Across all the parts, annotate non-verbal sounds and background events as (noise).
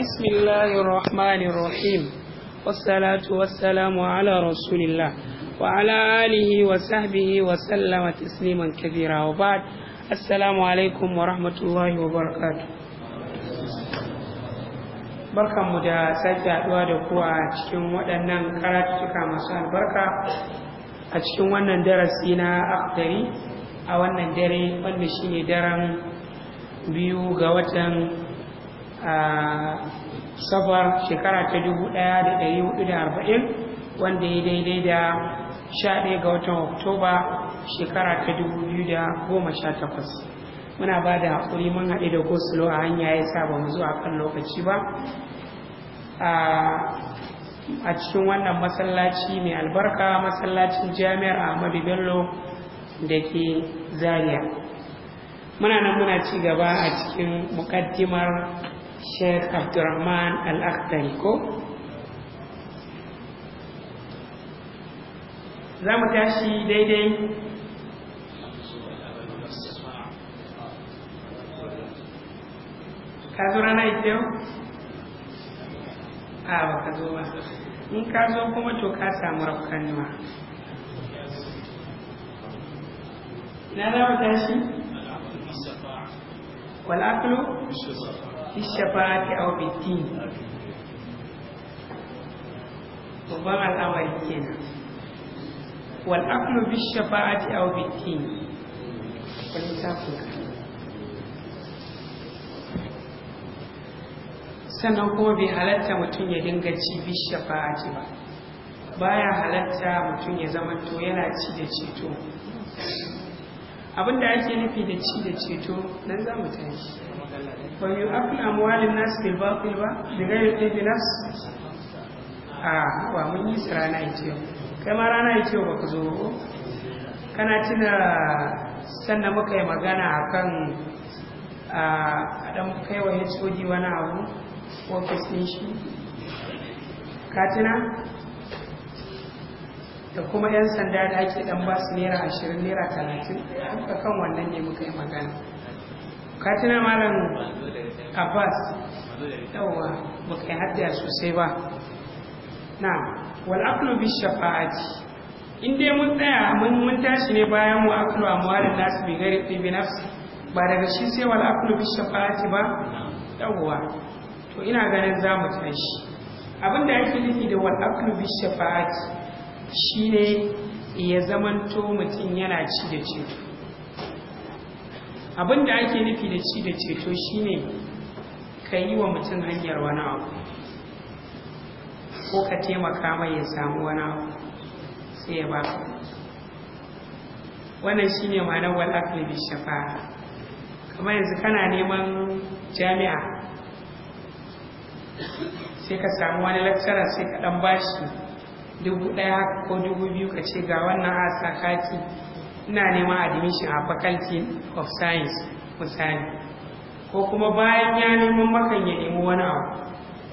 بسم الله الرحمن الرحيم والصلاة والسلام على رسول الله وعلى آله وصحبه وسلم تسليما كثيرا وبعد السلام عليكم ورحمة الله وبركاته barkan mu da sake haɗuwa da ku a cikin waɗannan karatuka masu albarka a cikin wannan darasi na akhtari a wannan dare wanda shine daren biyu ga watan safar shekara ta dubu ɗaya da ɗari hudu da arba'in wanda ya daidai da sha ga watan oktoba shekara ta dubu biyu da goma sha takwas muna ba da haƙuri mun haɗe da gosulo a hanya ya sa ba mu zuwa kan lokaci ba a cikin wannan masallaci mai albarka masallacin jami'ar ahmadu bello da ke zaria muna nan muna ci gaba a cikin mukaddimar sheikh abdurrahman al-akhtari ko za mu tashi daidai ka zo rana ita yau? a ba ka zo ba in ka zo kuma to ka samu rafkan nima na za mu tashi? والعقل في الشفاعة أو في الدين ربما الأمر كنا والعقل في الشفاعة أو في الدين sannan kuma bai halatta mutum ya dinga ci bishiyar fa'aji ba baya halatta mutum ya zama to yana ci da ceto abin da ake nufi da ci da ceto nan za mu tashi ba yi akul amwalin nasu bil ba da gairin ɗaiɗi nasu a ba mun yi su rana ya ce kai ma rana ya ce ba ku zo kana tuna sannan muka yi magana a kan Kai ɗan ya wani abu ofis ɗin shi katina da kuma 'yan sanda da ake dan ba su naira ashirin naira talatin duka kan wannan ne muka yi magana ka tuna malam abbas yawa muka yi haddiya sosai ba na wal aqlu bi shafa'ati in dai mun tsaya mun mun tashi ne bayan mu aqlu amwalin nasu bi gari bi nafsi ba daga shi sai wal aqlu bi shafa'ati ba yawa to ina ganin za mu tashi abinda yake nufi da wal aqlu bi shafa'ati Shi ne ya zamanto mutum yana ci da ceto abin da ake nufi da ci da ceto shine ka yi wa mutum hanyar wani abu ko ka taimaka mai ya samu wani abu sai ya ba wannan shi ne ma'anar wal akli shafa'a kamar yanzu kana neman jami'a sai ka samu wani lakcara sai ka ɗan bashi dubu ɗaya ko dubu biyu ka ce ga wannan a kati ina neman admission a faculty of science misali ko kuma bayan ya neman makan ya nemi wani abu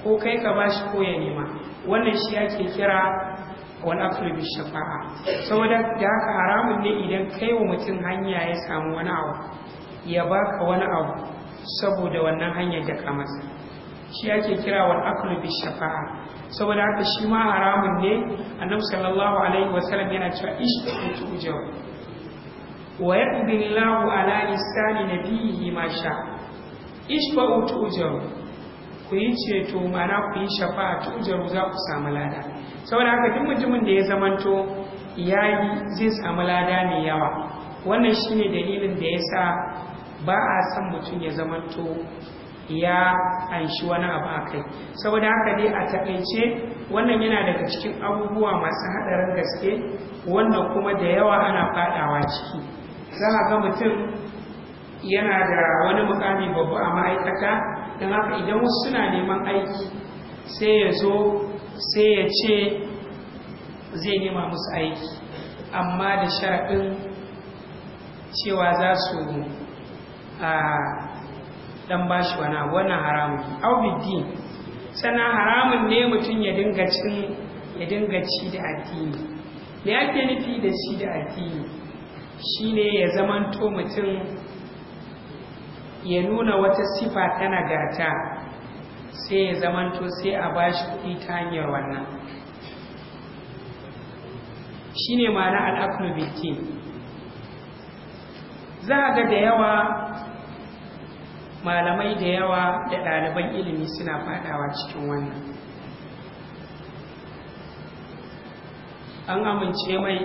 ko kai ka bashi ko ya nema wannan shi ake kira wani aklu shafa'a saboda da haka haramun ne idan kai wa mutum hanya ya samu wani abu ya baka wani abu saboda wannan hanyar da ka masa shi ake kira wal aklu bi shafa'a saboda haka shi ma haramun ne annabi sallallahu alaihi wasallam yana cewa ishtu tujau wa yaqdi Allahu ala lisani nabiyhi ma sha ishtu tujau ku yi ceto mana ku yi shafa'a tujau za ku samu lada saboda haka duk mutumin da ya zamanto yayi zai samu lada mai yawa wannan shine dalilin da yasa ba a san mutum ya zamanto ya anshi wani abu a kai saboda haka dai a taƙaice wannan yana daga cikin abubuwa masu haɗarin gaske wannan kuma da yawa ana faɗawa ciki za a ga mutum yana da wani mukami babu a ma'aikata don haka idan wasu suna neman aiki sai ya zo sai ya ce zai nema musu aiki amma da sharaɗin cewa za su a ah, dan bashi wani abu wannan haramun au biddin haramun ne mutum ya dinga cin ya dinga ci da addini me ake nufi da ci da addini shine ya zamanto mutum ya nuna wata sifa ta nagarta sai ya zamanto sai a bashi kuɗi ta hanyar wannan shine ma'ana al'aklu biddin za a ga da yawa malamai da yawa da ɗaliban ilimi suna faɗawa cikin wannan an amince mai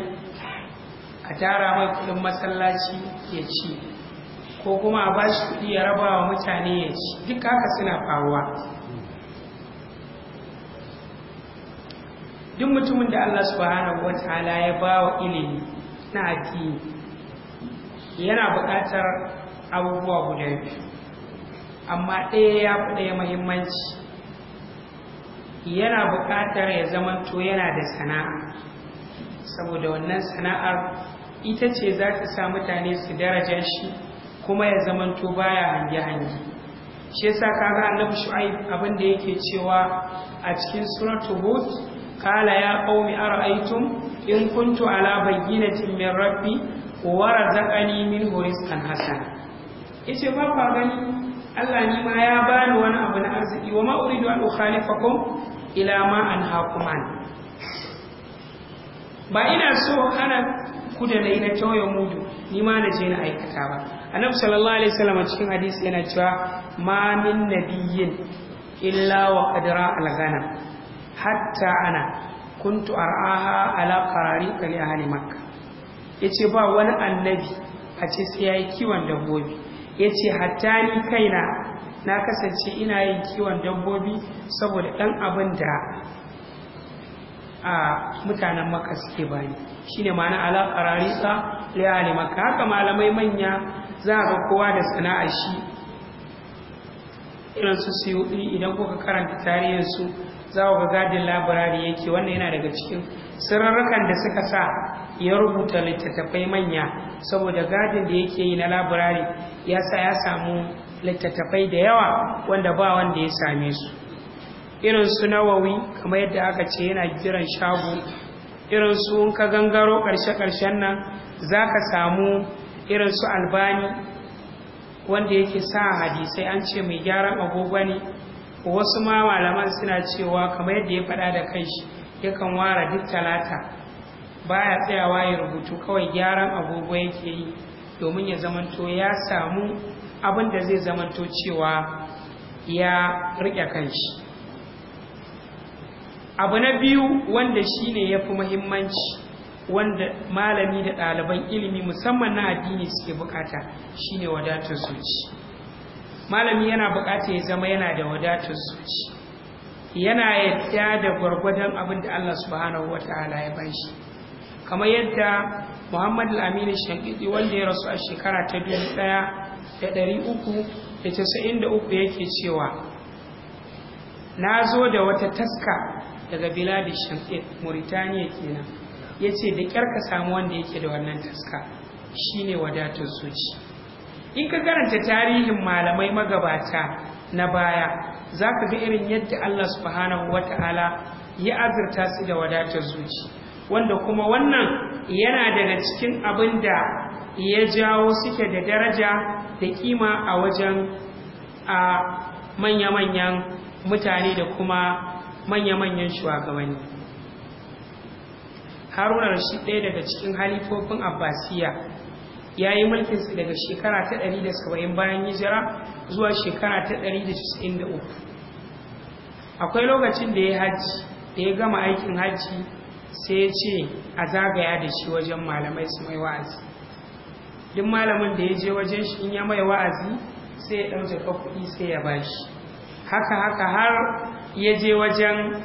a tara mai kudin masallaci ya ci ko kuma a ba shi kudi ya raba wa mutane ya ci duk haka suna faruwa duk mutumin da Allah subhanahu wa ta'ala ya ba wa ilimi na addini yana buƙatar abubuwa guda biyu amma ɗaya ya fi ɗaya muhimmanci yana buƙatar ya zama to yana da sana'a saboda wannan sana'ar ita ce za ta sa mutane su daraja shi kuma ya zama to baya hange-hange shi yasa kaga annabi shu'aib abin da yake cewa a cikin suratul hud Kala ya qaumi ara'aytum in kuntu ala bayyinatin min rabbi wa razaqani minhu rizqan hasana yace ba kwa gani Allah ni ma ya bani wani abu na arziki wa ma uridu an ukhalifakum ila ma an hakuman ba ina so hana kuda na ina na mudu ni ma na je na aikata ba annabi sallallahu alaihi wasallam cikin hadisi yana cewa ma min nabiyyin illa wa qadra al hatta ana kuntu ar'aha ala qarari kali ahli makkah yace ba wani annabi a ce sai yayi kiwon dabbobi ya ce hatta ni kaina na kasance ina yin kiwon dabbobi saboda ɗan abin da a mutanen maka suke bani shine ma'ana ala qararisa li ali maka haka malamai manya za ga kowa da sana'a shi irin su suyuɗi idan kuka karanta tarihin su za ga gadin labirari yake wannan yana daga cikin sirrarrakan da suka sa ya rubuta littattafai manya saboda gadin da yake yi na labirari ya sa ya samu littattafai da yawa wanda ba wanda ya same su irin su nawawi kamar yadda aka ce yana jiran shago irin su ka gangaro ƙarshe-ƙarshen nan za ka samu irin su albani wanda yake sa hadisai an ce mai gyaran agogo ne wasu ma malaman suna cewa kamar yadda ya faɗa da kanshi yakan wara duk talata Ba ya tsayawa ya rubutu kawai gyaran agogo yake yi domin ya zamanto ya samu abin da zai zamanto cewa ya riƙe kanshi abu na biyu wanda ne ya fi muhimmanci wanda malami da ɗaliban ilimi musamman na addini suke bukata ne wadatar zuci malami yana bukata ya zama yana da wadatar zuci yana yadda da gwargwadon abin da Allah subhanahu wata'ala ya shi kamar yadda muhammad al-amin wanda ya rasu a shekara ta 1393 ɗaya da casa'in yake cewa na zo da wata taska daga biladi shankit mauritaniya kenan ya ce da kyar ka samu wanda yake da wannan taska shine wadatar zuci in ka karanta tarihin malamai magabata na baya za ka ga irin yadda allah subhanahu wata'ala ya azurta su da wadatar zuci wanda kuma wannan yana daga cikin abin da ya jawo suke da daraja da kima a wajen a manya-manyan mutane da kuma manya-manyan shugabanni Harunar shi ɗaya daga cikin halifofin abbasiya ya yi mulkinsu daga shekara ta 170 bayan hijira zuwa shekara ta 193 akwai lokacin da ya lokacin da ya gama aikin hajji sai ce a zagaya da shi wajen malamai su mai wa'azi duk malamin da ya je wajen shi in ya mai wa'azi sai ya ɗan jaka kuɗi sai ya bashi haka haka har ya je wajen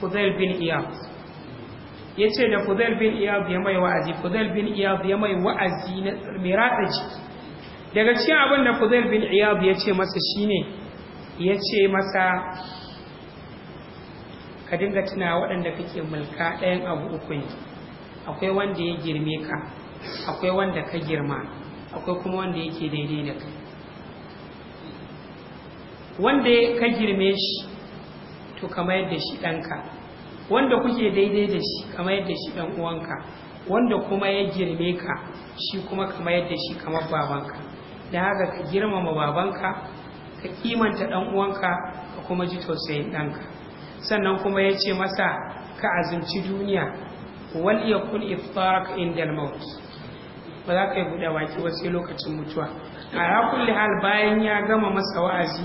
fudail bin iyab ya ce da fudail bin iyab ya mai wa'azi fudail bin iyab ya mai wa'azi na mirada jiki daga cikin abin da fudail bin iyab ya ce masa shine ya ce masa ka dinga tuna waɗanda kake mulka ɗayan abu uku ne akwai wanda ya girme ka akwai wanda ka girma akwai kuma wanda yake daidai da kai wanda ka girme shi to kamar yadda shi ɗanka wanda kuke daidai da shi kamar yadda shi ɗan uwanka wanda kuma ya girme ka shi kuma kamar yadda shi kamar babanka da haka ka girmama babanka ka kimanta ɗan uwanka ka kuma ji tausayin ɗanka sannan kuma ya ce masa ka azumci duniya wal kun iftarak indal maut ba za ka yi buɗe baki ba lokacin mutuwa a ya kulli hal bayan ya gama masa wa'azi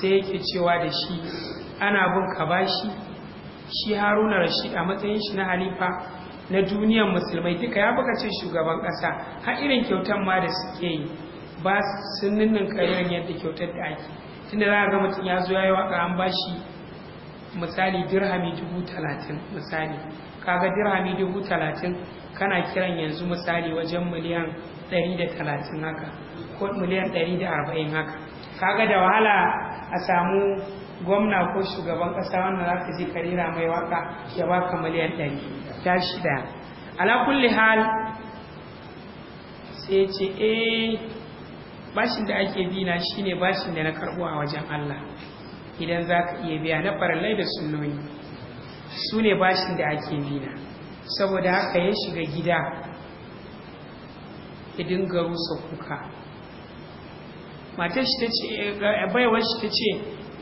sai yake cewa da shi ana bin ka bashi shi haruna rashid a matsayin shi na halifa na duniyan musulmai duka ya buka ce shugaban ƙasa har irin kyautar ma da suke yi ba sun ninnin karirin yadda kyautar da ake tunda za a ga mutum ya zo ya yi waka an bashi misali dirhami dubu talatin misali kaga dirhami dubu talatin kana kiran yanzu misali wajen miliyan ɗari da talatin haka ko miliyan ɗari da arba'in haka kaga da wahala a samu gwamna ko shugaban ƙasa wanda za ka ji karira mai waka ya baka miliyan ɗari ta shida ala kulli hal sai ce eh bashin da ake bi na shine bashin da na karɓo a wajen Allah idan za ka iya biya na farallai da sunoni su ne bashin da ake nina saboda haka ya shiga gida ya dinga rusa kuka matar ta ce shi ta ce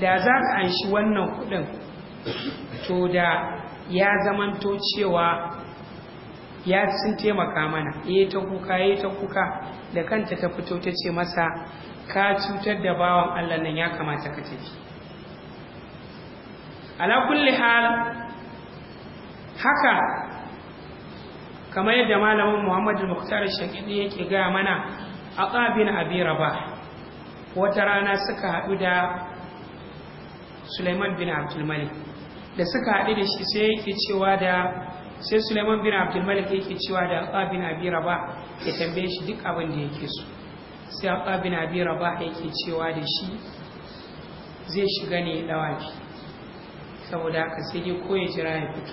da za ka an shi wannan kudin to da ya zamanto cewa ya sun taimaka mana ya ta kuka ya ta kuka da kanta ta fito ta ce masa ka cutar da bawan allah nan ya kamata ka tafi ala kulli hal haka kamar yadda malamin muhammadu muktar shakidi yake gaya mana a ƙabin abira ba wata rana suka haɗu da suleiman bin abdulmalik da suka haɗu da shi sai yake cewa da sai suleiman bin abdulmalik yake cewa da ƙabin abira ba ya tambaye shi duk abin da yake so sai ƙabin abira ba yake cewa da shi zai shiga ne dawaki saboda haka sai ya koya jira ya fito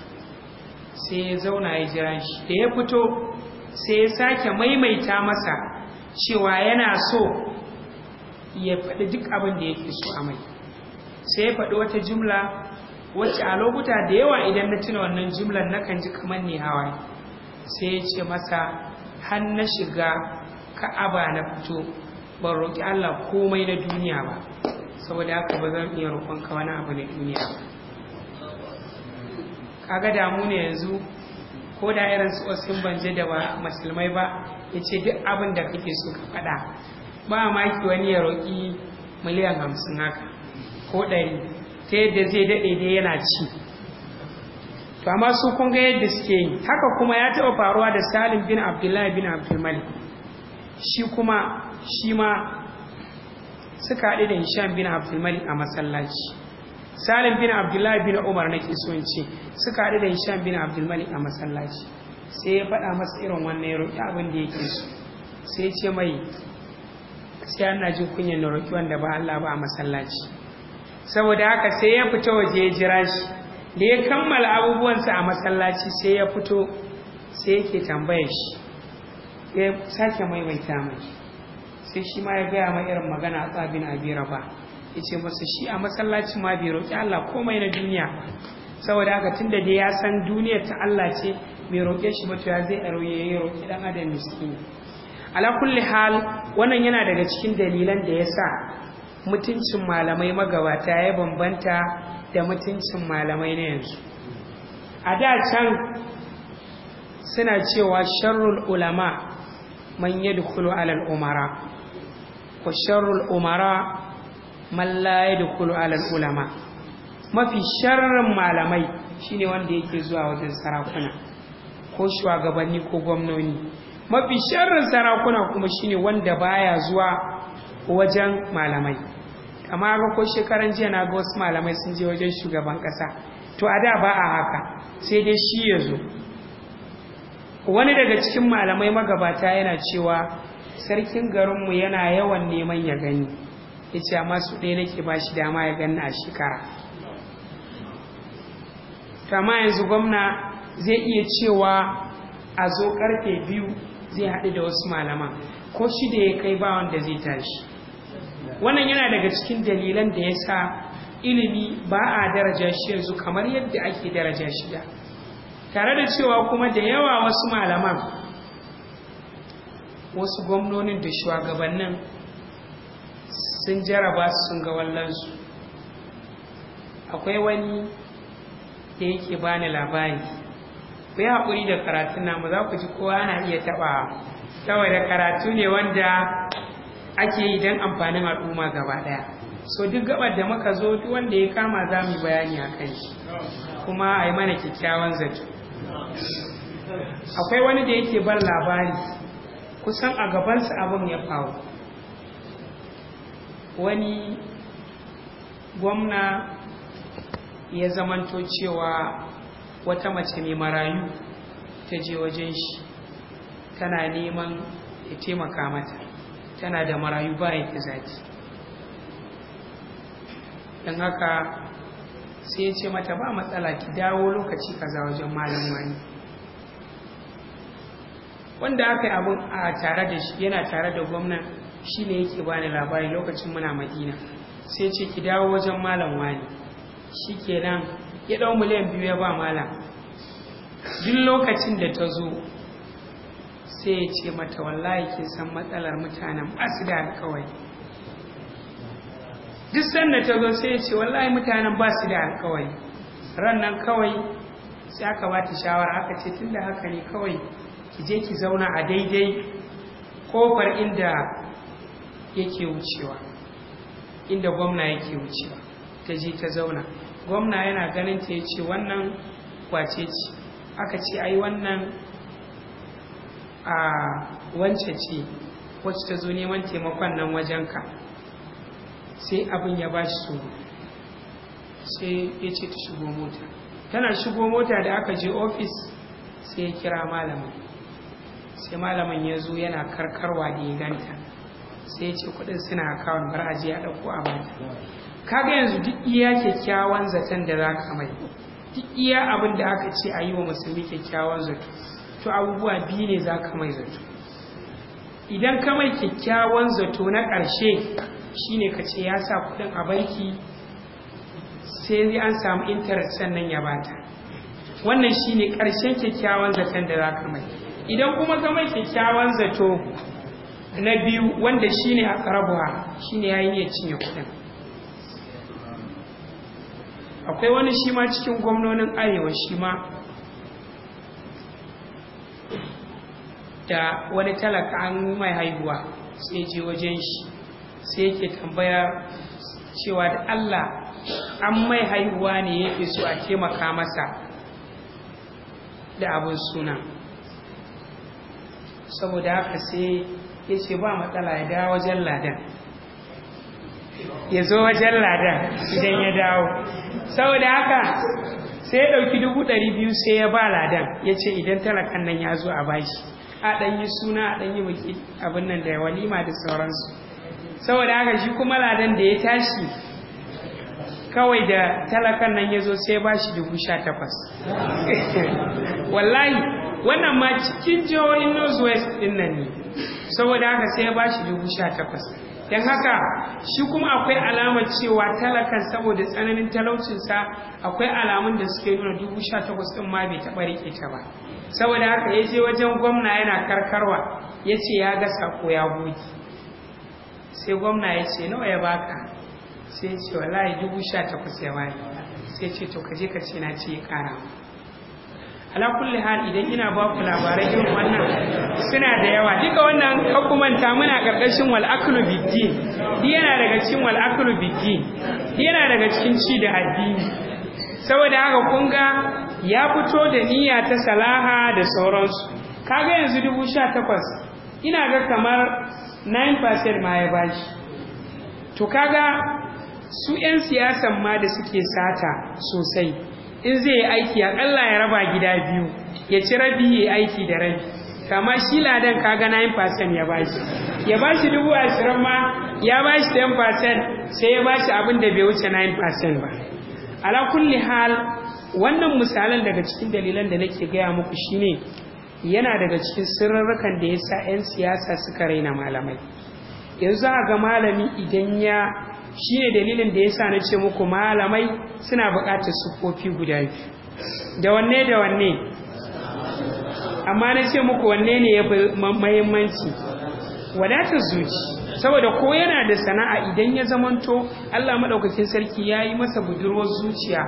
sai ya zauna ya jira shi da ya fito sai ya sake maimaita masa cewa yana so ya faɗi duk abin da yake so a mai sai ya faɗi wata jimla wacce a lokuta da yawa idan na tuna wannan jimlar kan ji kamar ne hawa sai ya ce masa har na shiga ka'aba na fito ban roƙi Allah komai na duniya ba saboda haka ba zan iya roƙonka wani abu na duniya ba kaga damu ne yanzu ko da irin su osin banje da musulmai ba ya ce duk abin da kake so ka faɗa ba maki wani ya roƙi miliyan hamsin haka ko ɗari ta yadda zai daɗe dai yana ci to amma su kun ga yadda suke yi haka kuma ya taɓa faruwa da salim bin abdullahi bin abdulmalik shi kuma shi ma suka haɗu da hisham bin abdulmalik a masallaci salim bin abdullahi bin umar na ke sunci suka haɗu da hisham bin abdulmalik a masallaci sai ya faɗa masa irin wannan ya roƙi abin da yake so sai ya ce mai sai ana jin kunyar na roƙi wanda ba Allah ba a masallaci saboda haka sai ya fita waje ya jira shi da ya kammala abubuwansa a masallaci sai ya fito sai yake tambaya shi ya sake maimaita mai sai shi ma ya gaya ma irin magana a tsabin abira ba ya ce masa shi a masallacin ma bai roƙi Allah komai na duniya saboda haka tun da ya san duniyar ta Allah ce mai roƙe shi ba ya zai aro ya roƙi dan adam miskini ala kulli hal wannan yana daga cikin dalilan da ya sa mutuncin malamai magabata ya bambanta da mutuncin malamai na yanzu a da can suna cewa sharrul ulama man yadkhulu alal umara wa sharrul umara mallaye da Kulu Alal ulama mafi sharrin malamai shine wanda yake zuwa wajen sarakuna ko shugabanni ko gwamnoni mafi sharrin sarakuna kuma shine wanda baya zuwa wajen malamai amma ga ko shekaran jiya na ga wasu malamai sun je wajen shugaban kasa to a da ba a haka sai dai shi ya zo wani daga cikin malamai magabata yana cewa sarkin garinmu yana yawan neman ya gani ya ce amma su ɗaya nake ba shi dama ya ganna a shekara kama yanzu gwamna zai iya cewa a zo karfe biyu zai haɗu da wasu malaman ko shi da ya kai ba wanda zai tashi wannan yana daga cikin dalilan da ya sa ilimi ba a daraja shi yanzu kamar yadda ake daraja shi da tare da cewa kuma da yawa wasu malaman wasu gwamnonin da shugabannin sun jaraba su sun ga wallansu akwai wani da yake bani labari ku yi haƙuri da karatun namu za ku ji kowa ana iya taɓa saboda karatu ne wanda ake yi don amfanin al'umma gaba ɗaya so duk gabar da muka zo duk wanda ya kama za mu bayani a kan shi kuma a yi mana kyakkyawan zato akwai wani da yake ban labari kusan a gabansa abin ya faru wani gwamna ya zamanto cewa wata mace mai marayu ta je wajen shi tana neman ya taimaka mata tana da marayu bayan ta zaki don haka sai ya ce mata ba matsala ki dawo lokaci kaza wajen malam wani wanda aka yi abin a tare da shi yana tare da gwamnan shi ne yake bani labari lokacin muna madina sai ce ki dawo wajen malam wani shi kenan ya ɗau miliyan biyu ya ba malam duk lokacin da ta zo sai ya ce mata wallahi kin san matsalar mutanen asida kawai duk sanda ta zo sai ya ce wallahi mutanen ba su da alkawari ran nan kawai sai aka ba ta shawara aka ce tun da haka ne kawai ki je ki zauna a daidai kofar inda yake wucewa inda gwamna yake wucewa ta je ta zauna gwamna yana ganin ta ya ce wannan kwace ce aka ce ai wannan a wance ce wacce ta zo neman taimakon nan wajenka sai abin ya ba shi tsoro sai ya ce ta shigo mota tana shigo mota da aka je ofis sai ya kira malamin sai malamin ya zo yana karkarwa da ya ganta sai ce kuɗin suna akawun bar aje a ɗauko a baki kaga yanzu duk iya kyakkyawan zaton da za ka mai duk iya abin da aka ce a yi wa musulmi kyakkyawan zato to abubuwa biyu ne za ka mai zato idan ka mai kyakkyawan zato na ƙarshe shine ka ce ya sa kuɗin a banki sai an samu intanet sannan ya bata wannan shine ƙarshen kyakkyawan zaton da za ka mai idan kuma ka mai kyakkyawan zato na biyu wanda shi shine a karabuwa ya yi iya cinye kudin akwai wani shi ma cikin gwamnonin arewa shi ma da wani talaka an mai haihuwa sai je wajen shi sai yake tambaya cewa da allah an mai haihuwa ne yake so a taimaka masa da abin suna saboda haka sai ya ba matsala ya dawo wajen ladan ya zo wajen ladan idan ya dawo saboda haka sai ya ɗauki dubu ɗari biyu sai ya ba ladan ya ce idan talakan nan ya zo a bashi a yi suna a yi baki abin nan da walima da sauransu saboda haka shi kuma ladan da ya tashi kawai da talakan nan ya zo sai ya bashi dubu sha takwas (laughs) wallahi wannan ma cikin jihohin northwest din nan ne saboda haka sai ya bashi dubu sha takwas don haka shi kuma akwai alamar cewa talakan saboda tsananin talaucinsa akwai alamun da suke nuna dubu sha takwas ɗin ma bai taɓa riƙe ta ba saboda haka ya je wajen gwamna yana karkarwa ya ce ya ga sako ya goge sai gwamna ya ce nawa ya baka sai ce wallahi dubu sha takwas ya bani sai ce to kaje je ka ce na ce ya ƙara ala kulli hal idan ina ba ku labarai irin wannan suna da yawa duka wannan hukumanta muna karkashin wal aklu biddi di yana daga cikin wal aklu biddi yana daga cikin ci da addini saboda haka kun ga ya fito da niyya ta salaha da sauransu kaga yanzu dubu sha ina ga kamar 9% ma ya bashi to kaga su 'yan siyasan ma da suke sata sosai in zai yi aiki akalla ya raba gida biyu ya ci rabi ya aiki da rabi kama shi ladan kaga 9% ya bashi ya bashi dubu ashirin ma ya bashi 10% sai ya bashi abin da bai wuce 9% ba ala kulli hal wannan misalin daga cikin dalilan da nake gaya muku shine yana daga cikin sirrarrakan da ya sa 'yan siyasa suka raina malamai yanzu a ga malami idan ya shi ne dalilin da ya sa na ce muku malamai suna buƙatar kofi guda biyu da wanne da wanne amma na ce muku wanne ne ya fi mahimmanci wadatar zuci saboda ko yana da sana'a idan ya zamanto Allah maɗaukakin sarki ya yi masa budurwar zuciya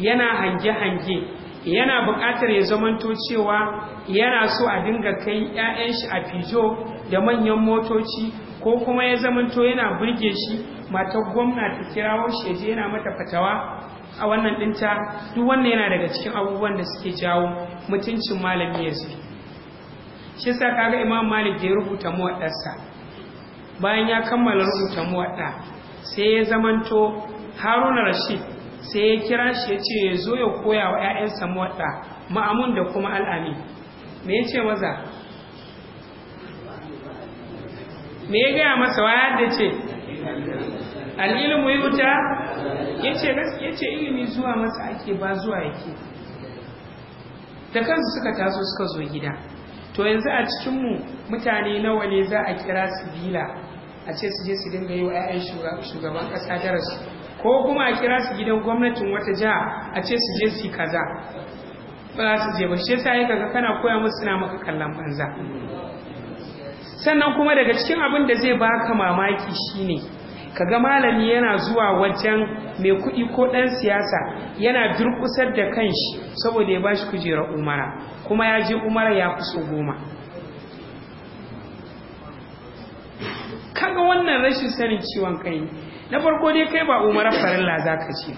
yana hange-hange yana buƙatar ya zamanto cewa yana so a dinga kai 'ya'yan shi a fijo da manyan motoci ko kuma ya zamanto yana burge shi matar gwamna ta kirawo shi je yana mata fatawa a wannan dinta duk wannan yana daga cikin abubuwan da suke jawo mutuncin malami ya zube shi sa kaga imam malik da ya rubuta muwaddarsa bayan ya kammala rubuta muwadda sai ya zamanto haruna rashid sai ya kira shi ya ce ya zo ya koya wa 'ya'yansa muwadda ma'amun da kuma al'ami me ya ce maza me ya gaya masa waya da ce al'ilmu yi wuta ya ce ilimi zuwa masa ake ba zuwa yake da kansu suka taso suka zo gida to yanzu a cikinmu mutane nawa ne za a kira su bila a ce su je su dinga yi wa 'ya'yan shugaban ƙasa darasi ko kuma a kira su gidan gwamnatin wata ja a ce su je su kaza ba su je ba shi yasa kaza, kaga kana koya musu suna maka kallon banza sannan kuma daga cikin abin da zai baka mamaki shine Ka ga malami yana zuwa wajen mai kuɗi ko ɗan siyasa yana durƙusar da kanshi saboda ya ba shi kujerar umara kuma ya je umara ya kuso goma kaga wannan rashin sanin ciwon kai na farko dai kai ba umara farilla za ka ce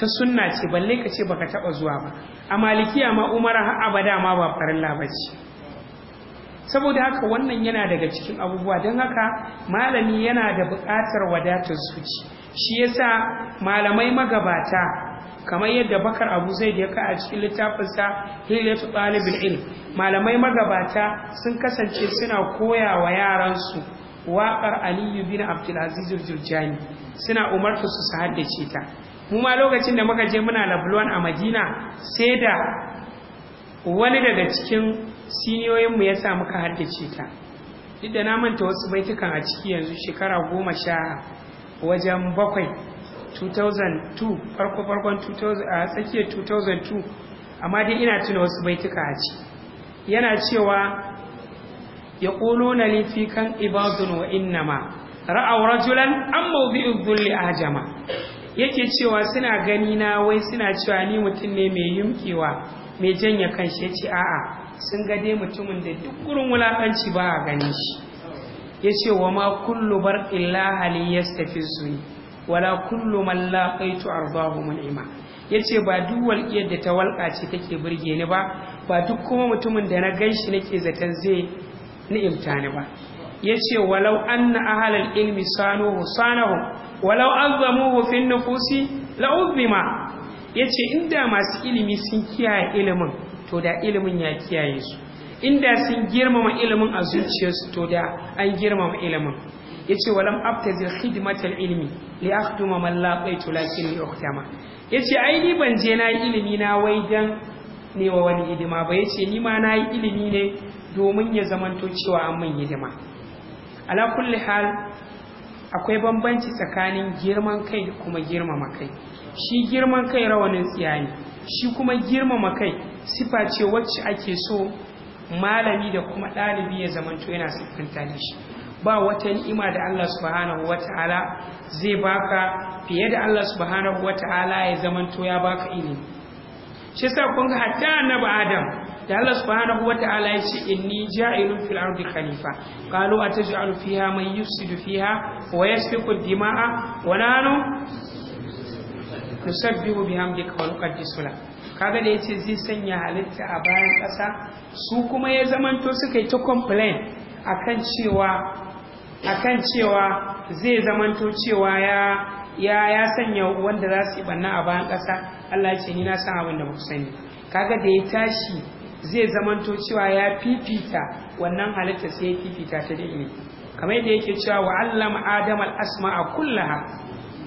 ta sunna ce balle ka ce baka taɓa zuwa ba a malikiya ma umara har abada ma ba farilla ba ce saboda haka wannan yana daga cikin abubuwa don haka malami yana da buƙatar wadatar zuci shi yasa malamai magabata kamar yadda bakar abu zai da ya ka a cikin littafinsa hilyatu ɗalibin ilm malamai magabata sun kasance suna koya wa yaransu waƙar aliyu bin abdulaziz jurjani suna umarta su su haddace ta mu ma lokacin da muka je muna labulwan a madina sai da wani daga cikin siniyoyinmu ya sa muka haddace ta duk da na manta wasu baitukan a ciki yanzu shekara goma sha wajen bakwai 2002 farko-farkon a tsakiyar 2002 amma dai ina tuna wasu baituka a ciki yana cewa ya ƙolo na lifi kan ibadun wa ma ra'au rajulan an mawubi zulli a jama yake cewa suna gani na wai suna cewa ni mutum ne mai yumkewa mai janya kanshi ya ce a'a sun ga dai mutumin da duk wurin wulakanci ba a gani shi ya ce wa ma kullu bar illa hali ya stafi suni wala kullu man laqaitu ardahu Ya ce ba duk walƙiyar da ta walƙa ce take burge ni ba ba duk kuma mutumin da na ganshi nake zaton zai ni'imta ni ba Ya ce walau anna ahlal ilmi sanuhu sanahu walau azzamuhu fi nufusi la ya ce inda masu ilimi sun kiyaye ilimin to da ilimin ya kiyaye su inda sun girmama ilimin a zuciyarsu to da an girmama ilimin ya ce walam abtazil khidmatal ilmi li akhduma man la baitu lakin li ma. ya ce ai ni ban je na ilimi na wai dan ne wa wani hidima ba ya ce ni ma na yi ilimi ne domin ya zamanto cewa an min hidima ala kulli hal akwai bambanci tsakanin girman kai da kuma girmama kai shi girman kai rawanin tsiya shi kuma girmama kai sifa ce wacce ake so malami da kuma ɗalibi ya zamanto yana siffanta da shi ba wata ni'ima da Allah subhanahu wata'ala zai baka fiye da Allah subhanahu wata'ala ya zamanto ya baka ilimi shi sa kun ga hatta annabi Adam da Allah subhanahu wata'ala ya ce inni ja'ilun fil ardi khalifa qalu ataj'alu fiha man yufsidu fiha wa yasfiku dima'a wa nanu tusabbihu bihamdika wa nuqaddisu kaga da yace zai sanya halitta a bayan ƙasa su kuma ya zamanto suka yi ta complain akan cewa akan cewa zai zamanto cewa ya ya ya sanya wanda za su yi banna a bayan ƙasa Allah ya ce ni na san abin da ba ku sani kaga da ya tashi zai zamanto cewa ya fifita wannan halitta sai ya fifita ta da ilimi kamar yadda yake cewa wa allama adam al asma'a kullaha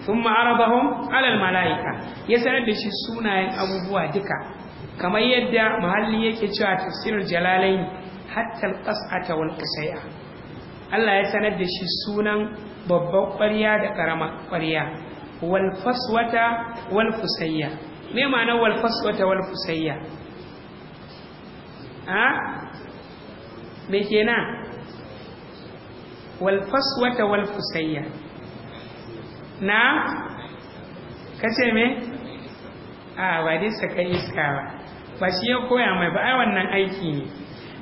sun ma'arabahun alal mala'ika ya sanar da shi sunayen abubuwa duka kamar yadda mahalli yake cewa tafsirar jalalaini hattar qas'ata wal qasaya Allah ya sanar da shi sunan babban ƙwarya da ƙaramar ƙwarya wal faswata wal fusayya me ma'anar wal faswata wal fusayya a me kenan wal faswata wal fusayya na kace me a ba dai saka iska ba ba shi ya koya mai ba ai wannan aiki ne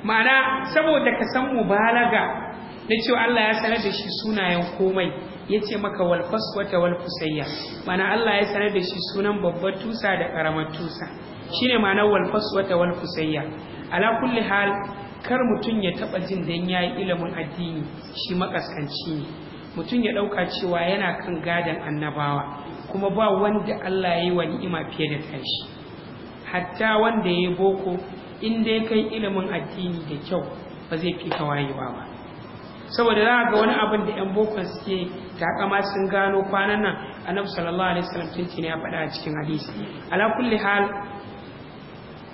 ma'ana saboda ka san mubalaga na cewa Allah ya sanar da shi sunayen komai ya ce maka wal faswata wal kusayya ma'ana Allah ya sanar da shi sunan babbar tusa da karamar tusa shine ma'ana wal faswata wal kusayya ala kulli hal kar mutum ya taba jin dan yayi ilimin addini shi makaskanci ne mutum ya ɗauka cewa yana kan gadon annabawa kuma ba wanda Allah ya yi wa ni'ima fiye da tashi hatta wanda ya yi boko in dai kai ilimin addini da kyau ba zai fi ka wayewa ba saboda za ga wani abin da yan bokon suke takama sun gano kwanan nan annabi sallallahu alaihi wasallam tun ya faɗa a cikin hadisi ala kulli hal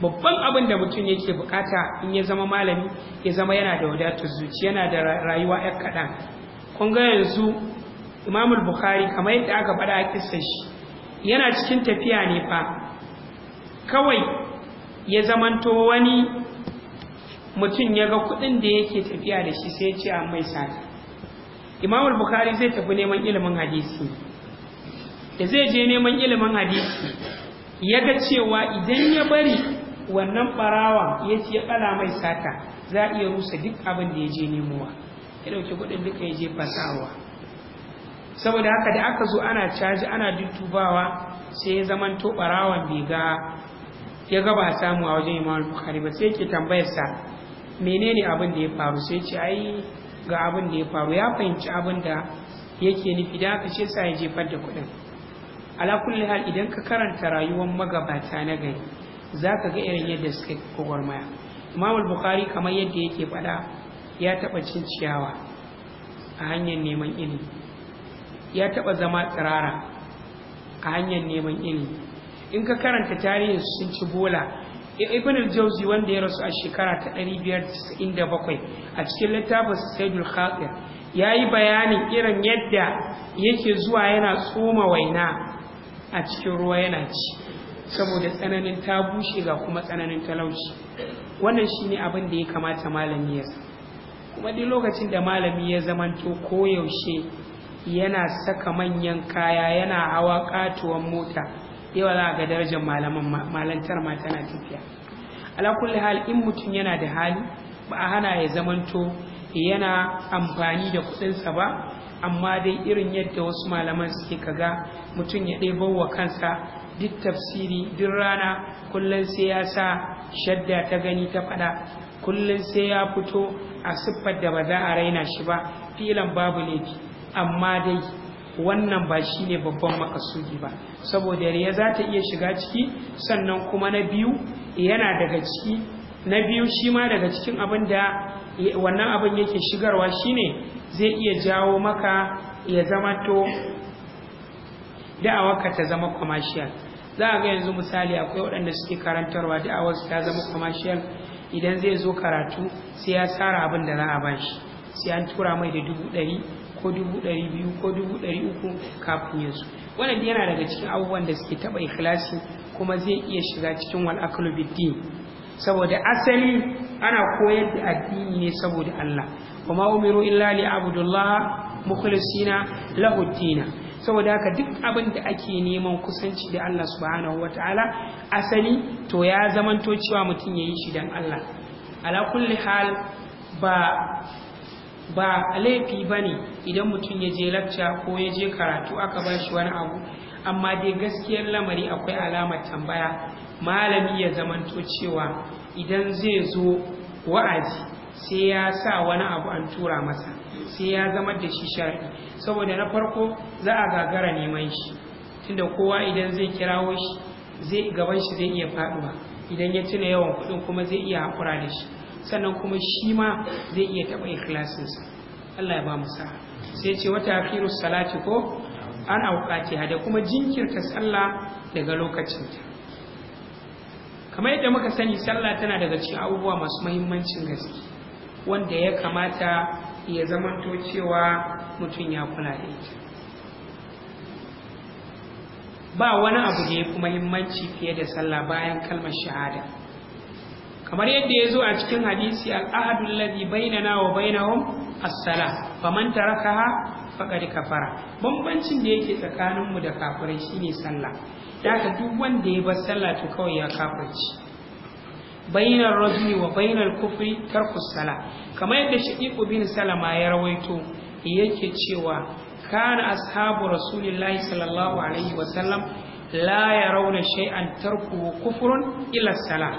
babban abin da mutum yake bukata in ya zama malami ya zama yana da wadatar zuci yana da rayuwa yar kaɗan kun ga yanzu imamul bukhari kamar yadda aka faɗa a kissa shi yana cikin tafiya ne fa kawai ya zamanto wani mutum ya ga kuɗin da yake tafiya da shi sai ya ce an mai sata imamul bukhari zai tafi neman ilimin hadisi da zai je neman ilimin hadisi ya ga cewa idan ya bari wannan ɓarawa ya ce ya ƙala mai sata za a iya rusa duk abin da ya je nemowa ya ɗauki kuɗin duka ya je fasawa saboda haka da aka zo ana caji ana dutubawa sai ya zaman to riga ya ga ba a wajen imam bukhari ba sai ke tambayar sa menene abin da ya faru sai ce ai ga abin da ya faru ya fahimci abin da yake nufi da aka ce sa ya jefar da kuɗin ala kulli hal idan ka karanta rayuwar magabata na gari za ka ga irin yadda suka maya imam bukhari kamar yadda yake faɗa ya taɓa cin ciyawa a hanyar neman ilimi ya taɓa zama tsirara a hanyar neman ilimi in ka karanta tarihin sun ci bola ibn al-jawzi wanda ya rasu a shekara ta 597 a cikin littafin sayyidul khatir yayi bayanin irin yadda yake zuwa yana tsoma waina a cikin ruwa yana ci saboda tsananin ta bushe ga kuma tsananin talauci wannan shine abin da ya kamata malami ya san kuma duk lokacin da malami ya zamanto koyaushe yana saka manyan kaya yana hawa katuwan mota yawa za ga darajar malantar ma tana tafiya alakulli hal in mutum yana da hali ba a hana ya zamanto yana amfani da kudinsa ba amma dai irin yadda wasu malaman suke kaga mutum ya ɗebo wa kansa duk tafsiri duk rana kullum sai ya sa shadda ta gani ta faɗa kullum sai ya fito a siffar da ba za a raina shi ba filan babu laifi amma dai wannan ba shi ne babban makasudi ba saboda ya za ta iya shiga ciki sannan kuma na biyu yana daga ciki na biyu shi ma daga cikin abin da wannan abin yake shigarwa shine zai iya jawo maka ya zama to da'awarka ta zama commercial za a ga yanzu misali akwai waɗanda suke karantarwa da'awarsu ta zama commercial idan zai zo karatu sai ya tsara abin da za a bashi sai an tura mai da dubu ɗari ko dubu ɗari biyu ko dubu ɗari uku kafin ya zo wannan yana daga cikin abubuwan da suke taɓa ikhlasi kuma zai iya shiga cikin aklu biddin saboda asali ana koyar da addini ne saboda Allah kuma umiru illa li abdullah mukhlisina lahu dinah saboda haka duk abin da ake neman kusanci da Allah subhanahu wataala asali to ya zamanto cewa mutum ya yi shi don Allah ala kulli hal ba ba laifi ba ne idan mutum ya je lacca ko ya je karatu aka ba shi wani abu amma dai gaskiyar lamari akwai alamar tambaya malami ya zamanto cewa idan zai zo wa'azi sai ya sa wani abu an tura masa sai ya zama da shi shar'i saboda na farko za a gagara neman shi tunda kowa idan zai kirawo shi zai gaban shi zai iya faduwa idan ya tuna yawan kuɗin kuma zai iya haƙura da shi sannan kuma shi ma zai iya taba ikhlasinsa Allah ya ba mu sa sai ce wata akhiru salati ko an ce da kuma jinkirta sallah daga lokacinta kamar yadda muka sani sallah tana daga cikin abubuwa masu muhimmancin gaske wanda ya kamata ya zamanto cewa mutum ya kula da ita ba wani abu da ya fi mahimmanci fiye da sallah bayan kalmar shahada kamar yadda ya zo a cikin hadisi al'ahadun ladhi bainana wa bainahum as ka faman tarakaha faqad kafara bambancin da yake tsakaninmu da kafirai shine sallah da duk wanda ya bar sallah to kawai ya kafirci bainar rajuli wa bainar kufri tarkus sala kamar yadda shaqiqu bin salama ya rawaito yake cewa kana ashabu rasulillahi sallallahu alaihi wa sallam la rauna shay'an tarku kufrun ila sala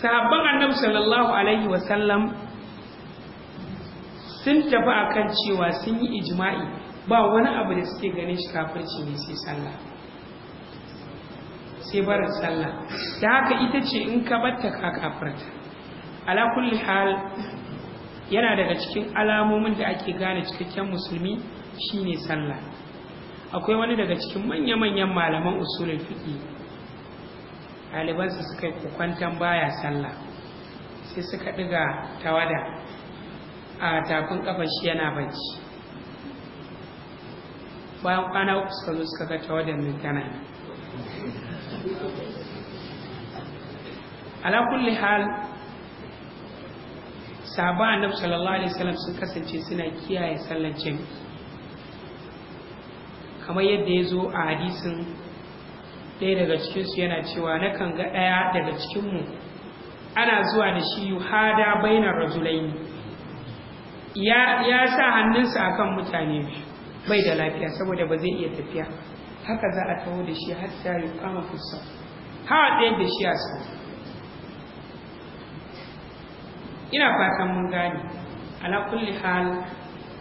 sahabban annabi sallallahu alaihi wa sallam sun tafi akan cewa sun yi ijma'i ba wani abu da suke ganin shi kafirci ne sai sallah sai barin sallah da haka ita ce in ka batta ka kafarta ala kulli hal yana daga cikin alamomin da ake gane cikakken musulmi shine sallah akwai wani daga cikin manya-manyan malaman usulul fiqi ɗalibansa suka yi kwantan baya sallah sai suka ɗiga tawada a tafin kafar shi yana bacci bayan kwana uku suka zo suka ga tawadan nan tana ala kulli hal sahaba annabi sallallahu alaihi wasallam sun kasance suna kiyaye sallar kamar yadda ya zo a hadisin ɗaya daga cikinsu yana cewa na kan ga ɗaya daga cikinmu ana zuwa da shi yuhada bainar rajulaini ya ya sa hannunsa akan mutane bai da lafiya saboda ba zai iya tafiya haka za a taho da shi har sai ya kama fusa har da shi a ina fatan mun gane ala kulli hal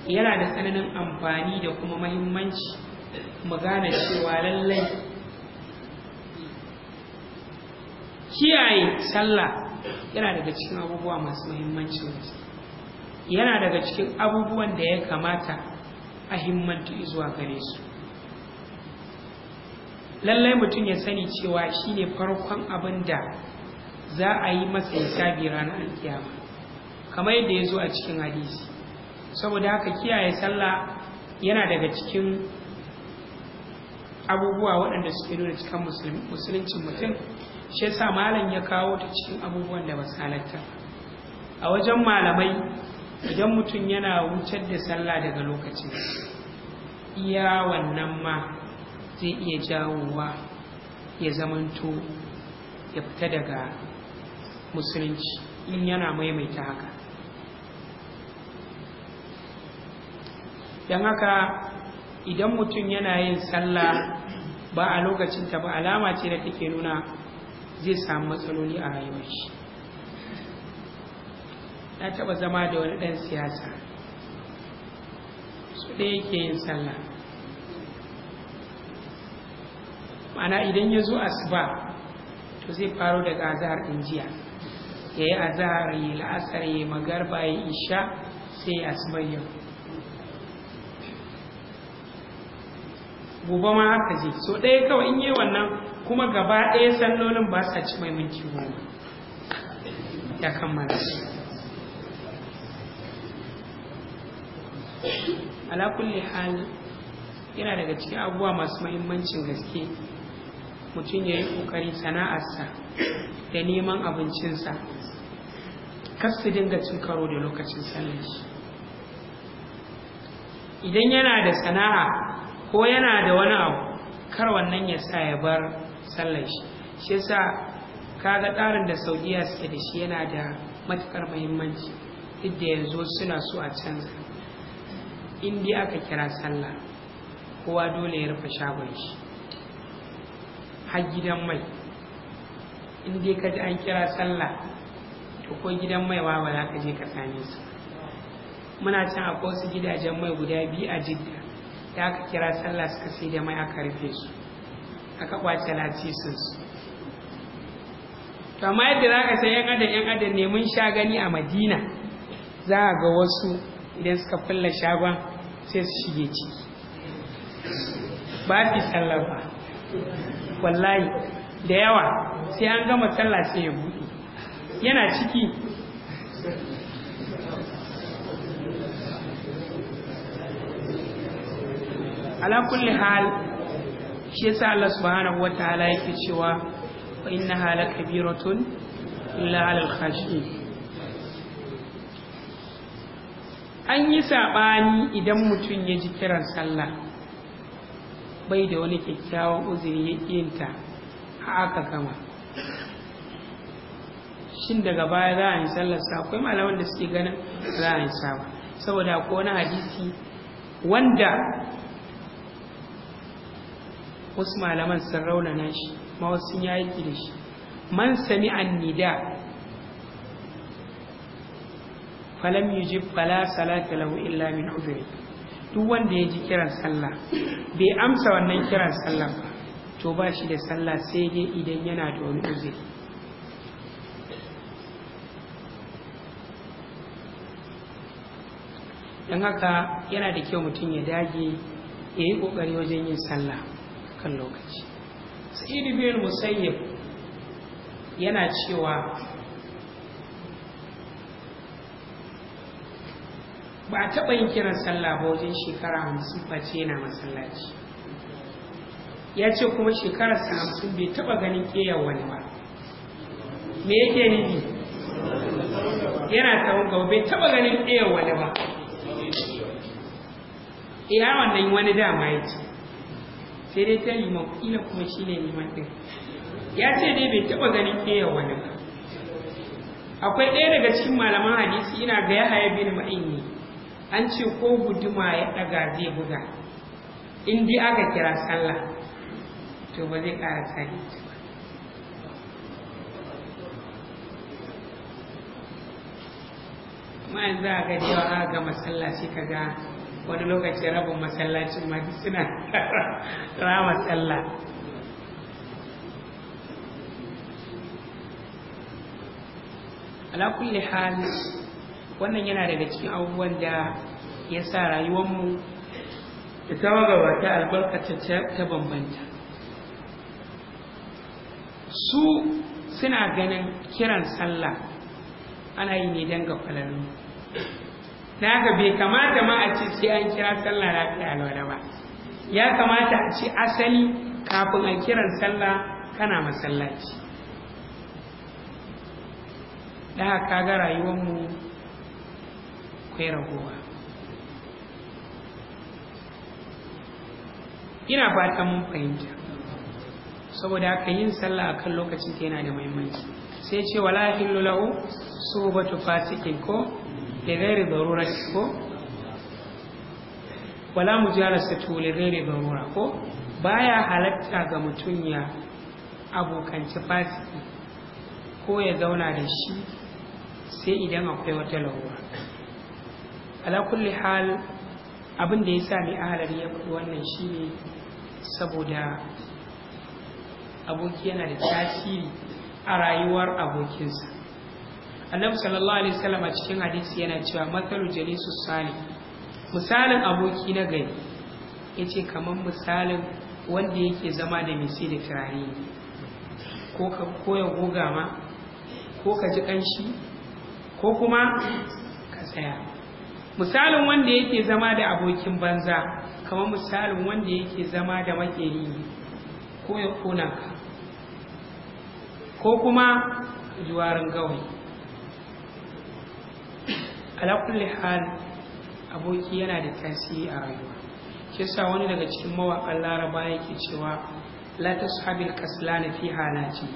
yana da tsananin amfani da kuma mahimmanci mu gane cewa lallai kiyaye sallah yana daga cikin abubuwa masu muhimmanci yana daga cikin abubuwan da ya kamata a himmantu zuwa gare su lallai mutum ya sani cewa shine farkon abin da za a yi masa hisabi ranar alkiyama kamar yadda ya zo a cikin hadisi saboda haka kiyaye sallah yana daga cikin abubuwa waɗanda suke nuna cikin musuluncin mutum shi yasa malam ya kawo ta cikin abubuwan da ba a wajen malamai idan mutum yana wucar da sallah daga lokacin iya wannan ma zai iya jawowa ya zamanto ya fita daga musulunci in yana maimaita haka don haka idan mutum yana yin sallah ba a lokacin ta ba alama ce da take nuna zai samu matsaloli a rayuwar shi na taɓa zama da wani ɗan siyasa su ɗaya yake yin sallah ma'ana idan ya zo asuba to zai faro daga azahar ɗin jiya ya yi azahar yi la'asar ya yi magarba ya isha sai ya asubar yau gobe ma haka je, so ɗaya kawai in yi wannan kuma gaba ɗaya sallolin ba sa ci mai minti goma ya kammala shi ala kulli yana daga cikin abubuwa masu mahimmancin gaske mutum ya yi ƙoƙari sana'arsa da neman abincinsa kar su dinga cin karo da lokacin sallar shi idan yana da sana'a ko yana da wani abu kar wannan ya sa ya bar sallar shi shi yasa kaga tsarin da saudiya suke da shi yana da matukar muhimmanci duk da yanzu suna so a canza in dai aka kira sallah kowa dole ya rufe shagon shi har gidan mai in dai ka ji an kira sallah to ko gidan mai ba ba za ka je ka same su muna can akwai wasu gidajen mai guda biyu a jidda da aka kira sallah suka sai da mai aka rufe su aka kwace su, to amma yadda za ka san yan adam yan adam neman shagani sha gani a madina za a ga wasu idan suka fulla shagon sai su shige ciki ba fi sallar ba wallahi da yawa sai an gama sallah sai ya buɗe yana ciki ala kulli hal shi yasa Allah subhanahu wataala yake cewa wa innaha kabiratun illa ala al-khashin an yi saɓani idan mutum ya ji kiran sallah bai da wani kyakkyawan uzuri ya a aka gama shin daga baya za a yi sallar sa akwai malaman da suke ganin za a yi sawa. saboda ko wani hadisi wanda wasu malaman sun raunana shi ma wasu sun yi aiki da shi man sami annida falam yujib fala salata lahu illa min duk wanda ya ji kiran sallah bai amsa wannan kiran sallah ba to ba shi da sallah sai dai idan yana da wani uzuri Dan haka yana da kyau mutum ya dage ya yi ƙoƙari wajen yin sallah kan lokaci sa'idu bin musayyib yana cewa ba a taɓa yin kiran sallah ba wajen shekara hamsin face yana masallaci ya ce kuma sa hamsin bai taɓa ganin ƙeyar wani ba me yake nufi yana tsawon gaba bai taɓa ganin ƙeyar wani ba iya wannan wani dama ya ce sai dai ta yi kila kuma shi ne neman ɗin ya ce dai bai taɓa ganin ɗaya wani ba akwai ɗaya daga cikin malaman hadisi ina ga yahaya bin ma'in an ce ko guduma ya ɗaga zai buga in dai aka kira sallah to ba zai ƙara sani amma za a ga da yawa gama sallah sai ka ga wani lokacin rabin masallacin ma suna (laughs) rama sallah ala kulli wannan yana daga cikin abubuwan da ya sa rayuwarmu da ta magabata albarkata ta bambanta su suna ganin kiran sallah ana yi ne don ga falalu Na ga bai kamata ma a ce sai an kira sallah lafiya lura ba ya kamata a ci asali kafin a kiran sallah kana masallaci da haka ga rayuwarmu kwai ragowa ina fata mun fahimta saboda haka yin sallah akan lokacin ta yana da muhimmanci sai ce wala hillu lahu suhbatu fasikin ko li barura darurati ko wala mujalasatu li ghairi barura ko baya halatta ga mutum ya abokanci fasiki ko ya zauna da shi sai idan akwai wata lauwa. ala hal abinda ya sa ni ahalari ya faɗi wannan shine saboda aboki yana da tasiri a rayuwar abokinsa annabi sallallahu alaihi wasallam a cikin hadisi yana cewa matsalu jalisu Sani, misalin aboki na gari yace kamar misalin wanda yake zama da misi da turare ko ka koya goga ma ko ka ji kanshi ko kuma ka tsaya misalin wanda yake zama da abokin banza kamar misalin wanda yake zama da makeri ko ya kona ka ko kuma juwarin gawai. ala kulli hal aboki yana da tasiri a rayuwa shi yasa wani daga cikin mawaƙan laraba yake cewa la tashabil kaslana fi halati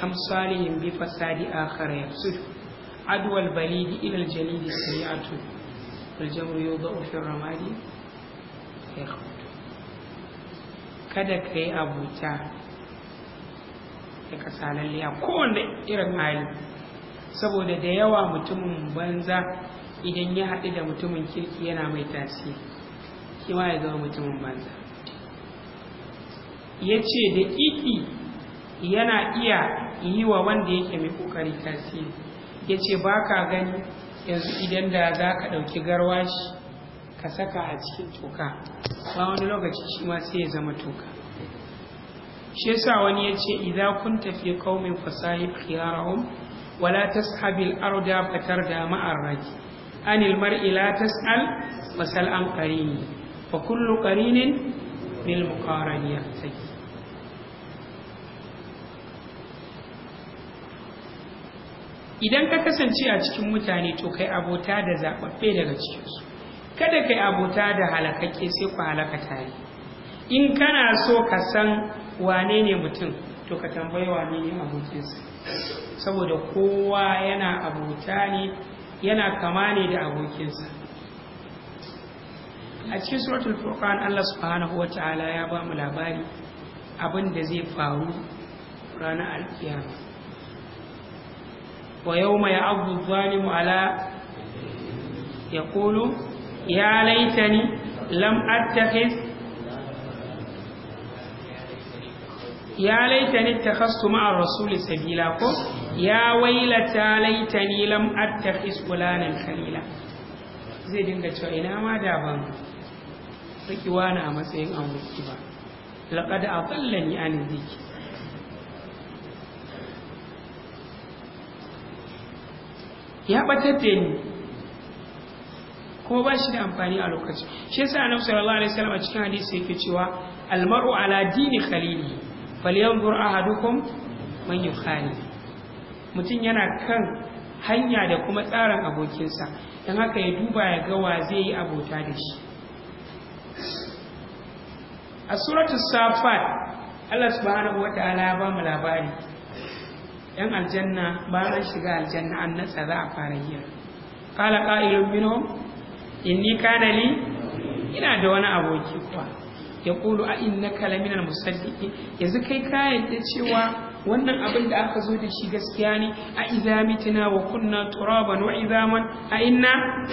kam salihin bi fasadi akhara yafsud adwal balid ila aljalidi sayatu al jamru yudau fi ramadi kada ka yi abuta da kasalalliya kowanne irin hali saboda da yawa mutumin banza idan ya haɗu da mutumin kirki yana mai tasi, kima ya zama mutumin banza ya ce da ƙiƙi yana iya yi wa wanda yake mai ƙoƙari tasiri ya ce ba ka gani yanzu idan da za ka ɗauki garwashi ka saka a cikin toka ba wani lokaci shi ma sai ya zama toka shi yasa wani ya ce idan kun tafi kaumin fasahib khiyarahum wala ta tashabil arda fatar da raki. anil mar'i la tas'al fasal an qarini fa kullu qarinin bil idan ka kasance a cikin mutane to kai abota da zaɓaɓɓe daga cikinsu kada kai abota da halakakke sai ku halaka tare in kana so ka san wane ne mutum to ka tambayi wane ne abokinsa saboda kowa yana abota ne yana kama ne da abokinsa a cikin suratul furqan Allah subhanahu ta'ala ya ba mu labari abin da zai faru rana alkiyama wa yawma ya'dhu zalimu ala yaqulu ya laitani lam attakhidh ya laitani takhastu ma'ar rasuli sabila ko ya wailata laitani lam attakhis fulanan khalila zai dinga cewa ina ma da ban saki wani a matsayin an ba laqad aqallani an dhikri ya batar da ni ko ba shi da amfani a lokaci shi yasa annabi sallallahu alaihi wasallam cikin hadisi yake cewa almaru ala dini khalili a ahadukum manyu khani mutum yana kan hanya da kuma tsarin abokinsa don haka ya duba ya ga wa zai yi abota da shi a suratu safad Allah subhanahu wa ta'ala ya ba mu labari yan aljanna ba an shiga aljanna an natsa za a fara yi kala qa'ilun minhum in ni kanali ina da wani aboki kuwa ya ƙulu a inna kalaminar musaddiki yanzu kai ka yadda cewa wannan abin da aka zo da shi gaskiya ne a iza mitina wa kunna turaban wa izaman a inna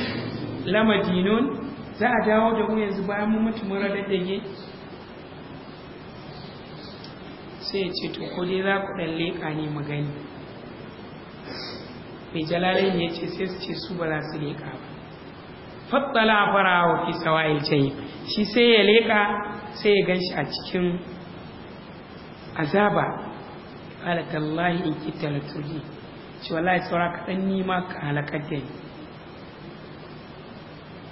lamadinun za a dawo da mu yanzu bayan mu mutu mun radaddage sai ya ce to ko dai za ku ɗan leƙa ne mu gani mai jalalai ya ce sai su ce su ba za su leƙa ba fattala farawa fi sawa'il jahim shi sai ya leka sai ya gan shi a cikin azaba ala in ki talatuli shi wallahi saura kaɗan nima ka halakar da ni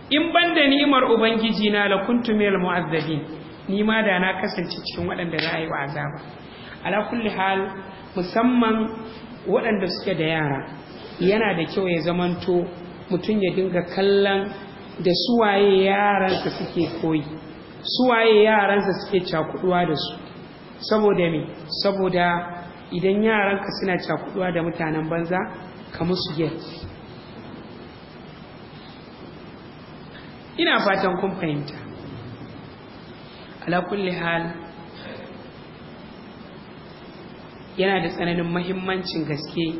in ban da ni'imar ubangiji na la kuntu mil mu'azzabin ni ma da na kasance cikin waɗanda za a yi wa azaba ala kulli hal musamman waɗanda suke da yara yana da kyau ya zamanto mutum ya dinga kallon da suwaye yaransa suke koyi Su suwaye yaransa suke cakuduwa da su saboda me saboda idan yaranka suna cakuduwa da mutanen banza ka musu get ina fatan kun fahimta ala kulli hal yana da tsananin mahimmancin gaske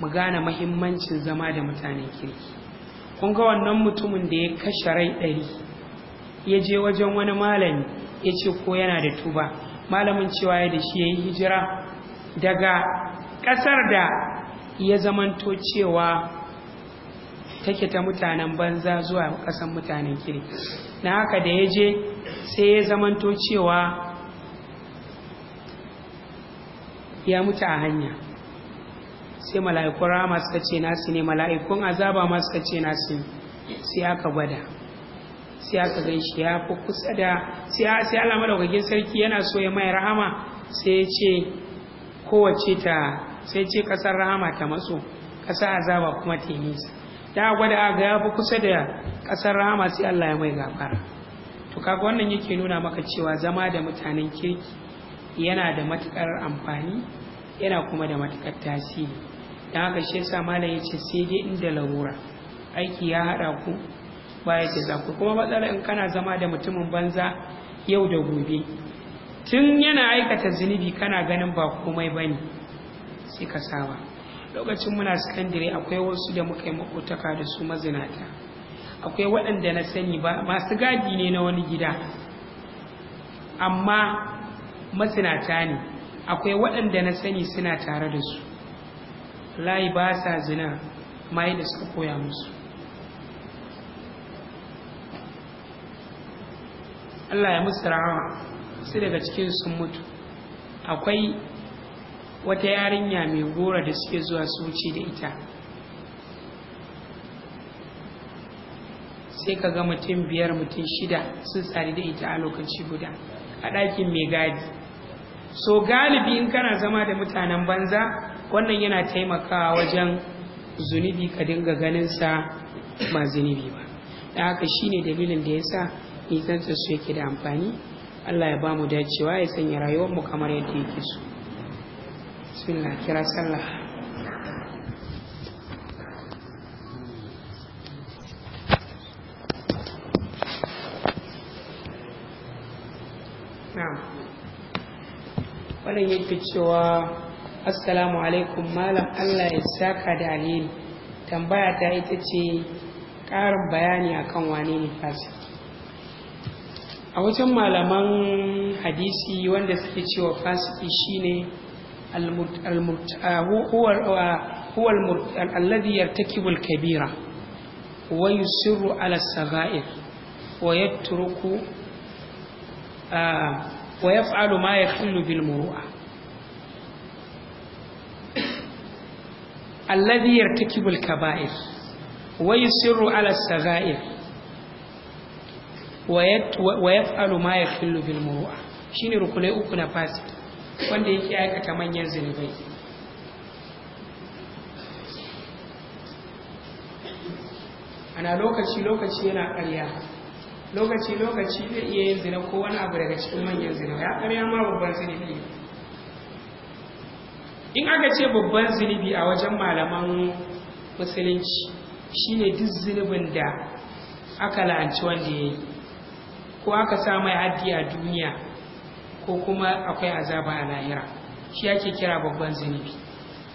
mu gane mahimmancin zama da mutanen kirki kun ga wannan mutumin da ya kashe rai ɗari ya je wajen wani malami ya ce ko yana da tuba malamin cewa ya da shi ya yi hijira daga ƙasar da ya zamanto cewa take ta mutanen banza zuwa ƙasan mutanen kiri na haka da ya je sai ya zamanto cewa ya mutu a hanya sai mala'ikun rama suka ce nasu ne mala'ikun azaba masu suka ce nasu sai aka gwada sai aka gan shi ya fi kusa da sai Allah madaukakin sarki yana so ya mai rahama sai ya ce kowace ta sai ce kasar rahama ta maso kasa azaba kuma ta yi nisa da gwada aga ya fi kusa da kasar rahama sai Allah ya mai gafara to kaga wannan yake nuna maka cewa zama da mutanen kirki yana da matukar amfani yana kuma da matukar tasiri don haka shi yasa malam ya ce sai dai inda larura aiki ya haɗa ku baya yadda za ku kuma matsalar in kana zama da mutumin banza yau da gobe tun yana aikata zunubi kana ganin ba komai ba ne sai ka saba lokacin muna sakandare akwai wasu da muka yi makotaka da su mazinata akwai waɗanda na sani ba masu gadi ne na wani gida amma mazinata ne akwai waɗanda na sani suna tare da su layi ba sa zina amma da suka koya musu Allah ya musu rahama su daga cikin sun mutu akwai wata yarinya mai gora da suke zuwa su wuce da ita sai ka ga mutum biyar mutum shida sun tsari da ita a lokaci guda a ɗakin mai gadi so galibi in kana zama da mutanen banza wannan yana taimakawa wajen zunubi ka dinga ganin sa ba zunubi ba da haka shine dalilin da ya sa nisantar su yake da amfani allah ya ba mu dacewa ya sanya rayuwar mu kamar yadda yake su bismillah kira sallah wannan yake cewa assalamu alaikum malam allah ya saka da alheri tambaya ta ita ce ƙarin bayani akan wane ne fasik a wajen malaman hadisi wanda suke cewa fasiki shine huwa alladhi yartakibu al-kabira wa yusirru ala as-sagha'ir wa yatruku wa yaf'alu ma yahillu bil muru'a alladhi yartakibu al-kaba'ir wa yusirru ala as-sagha'ir wa yaf'alu ma yakhillu bil shi ne rukunai uku na fasi, wanda yake aikata manyan zinubai. ana lokaci lokaci yana karya, lokaci lokaci zai iya yin zina ko wani abu daga cikin manyan zina ya ƙarya ma babban zunubi in aka ce babban zunubi a wajen malaman musulunci shine duk zunubin da aka la'anci wanda ya yi ko aka sa mai haddi a duniya ko kuma akwai azaba a lahira shi ake kira babban zunubi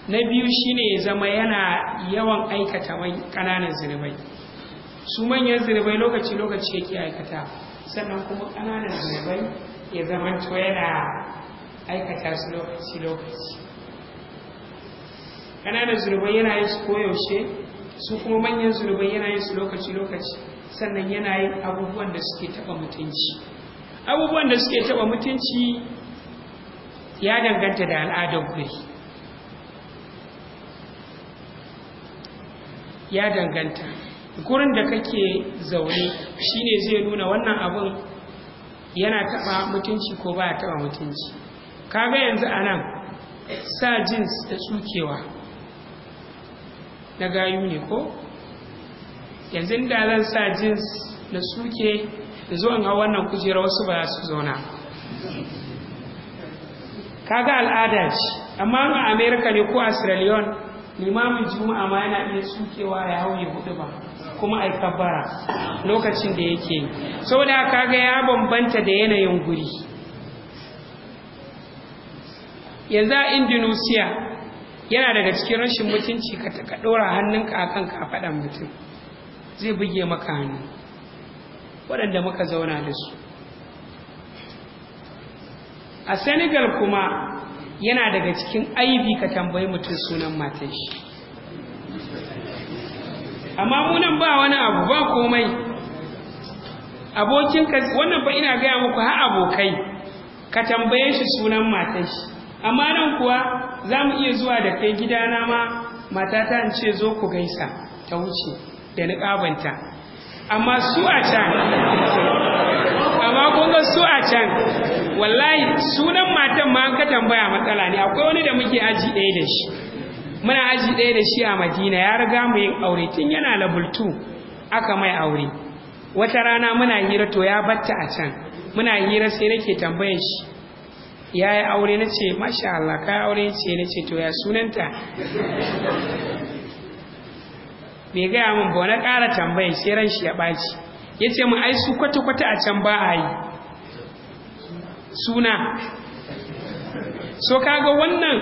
na biyu shine ya zama yana yawan aikata ƙananan zunubai su manyan zunubai lokaci lokaci yake aikata sannan kuma ƙananan zunubai ya zama to yana aikata su lokaci lokaci ƙananan zunubai yana yin su koyaushe su kuma manyan zunubai yana yin su lokaci lokaci sannan yana yin abubuwan da suke taɓa mutunci abubuwan da suke taɓa mutunci ya danganta da al'adar kuri ya danganta gurin da kake zaune shine zai nuna wannan abun yana taɓa mutunci ko ba taba mutunci kaga yanzu anan sa jins da tsukewa na gayu ne ko yanzu da zan sa jins na suke da zo in hau wannan kujera wasu ba su zauna kaga al'ada ce amma a america ne ko a sierra leone limamin juma'a ma yana iya sukewa ya hau ya hudu ba kuma ai kabbara lokacin da yake yi saboda kaga ya bambanta da yanayin guri yanzu a indonesia yana daga cikin rashin mutunci ka ɗora hannunka akan kafadan mutum zai buge maka hannu waɗanda muka zauna da su a senegal kuma yana daga cikin aibi ka tambayi mutum sunan matan shi amma munan ba wani abu ba komai abokinka wannan ba ina gaya muku ha abokai ka tambaye shi sunan matan shi amma nan kuwa za mu iya zuwa da kai gidana ma matata An ce zo ku gaisa ta wuce da ƙabanta amma su a can amma kunga su a can wallahi sunan matan ma ka tambaya matsala ne akwai wani da muke aji ɗaya da shi muna aji ɗaya da shi a madina ya riga mu yin aure tun yana labultu aka mai aure wata rana muna hira to ya batta a can muna hira sai nake tambayar shi ya yi aure na ce masha Allah ka aure ce na ce to ya sunanta Mai gaya min ba wani ƙara tambayan sai ran shi ya ɓaci ya ce mu ai su kwata-kwata a can ba a yi suna so kaga wannan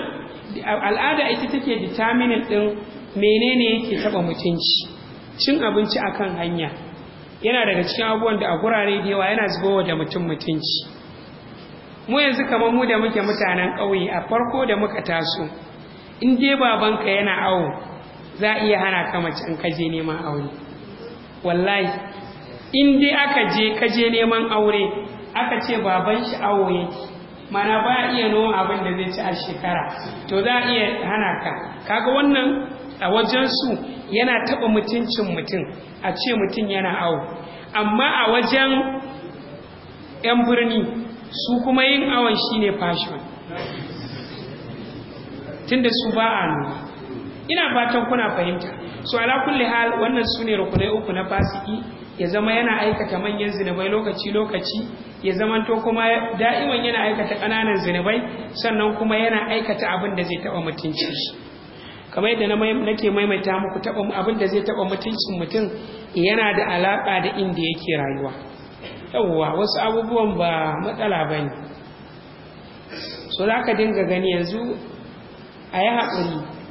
al'ada ita take determining ɗin menene yake taɓa mutunci cin abinci akan hanya yana daga cikin abubuwan da a gurare da yawa yana zubowa da mutum mutunci mu yanzu kamar mu da muke mutanen ƙauye a farko da muka taso in dai babanka yana awo za a iya hana ka mace in ka neman aure wallahi in dai aka je kaje neman aure aka ce baban shi awo yake mana ba iya nuna abin da zai ci a shekara to za a iya hana ka kaga wannan a wajen su yana taba mutuncin mutum a ce mutum yana awo amma a wajen 'yan birni su kuma yin awon shine fashion tunda su ba a noma ina fatan kuna fahimta so ala kulli hal wannan sune rukunai uku na fasiki ya zama yana aikata manyan zinubai lokaci lokaci ya zama to kuma da'iman yana aikata kananan zinubai sannan kuma yana aikata abin da zai taba mutunci shi kamar yadda na nake maimaita muku taba abin da zai taba mutuncin mutum yana da alaka da inda yake rayuwa yawwa wasu abubuwan ba matsala bane so zaka dinga gani yanzu a yi haƙuri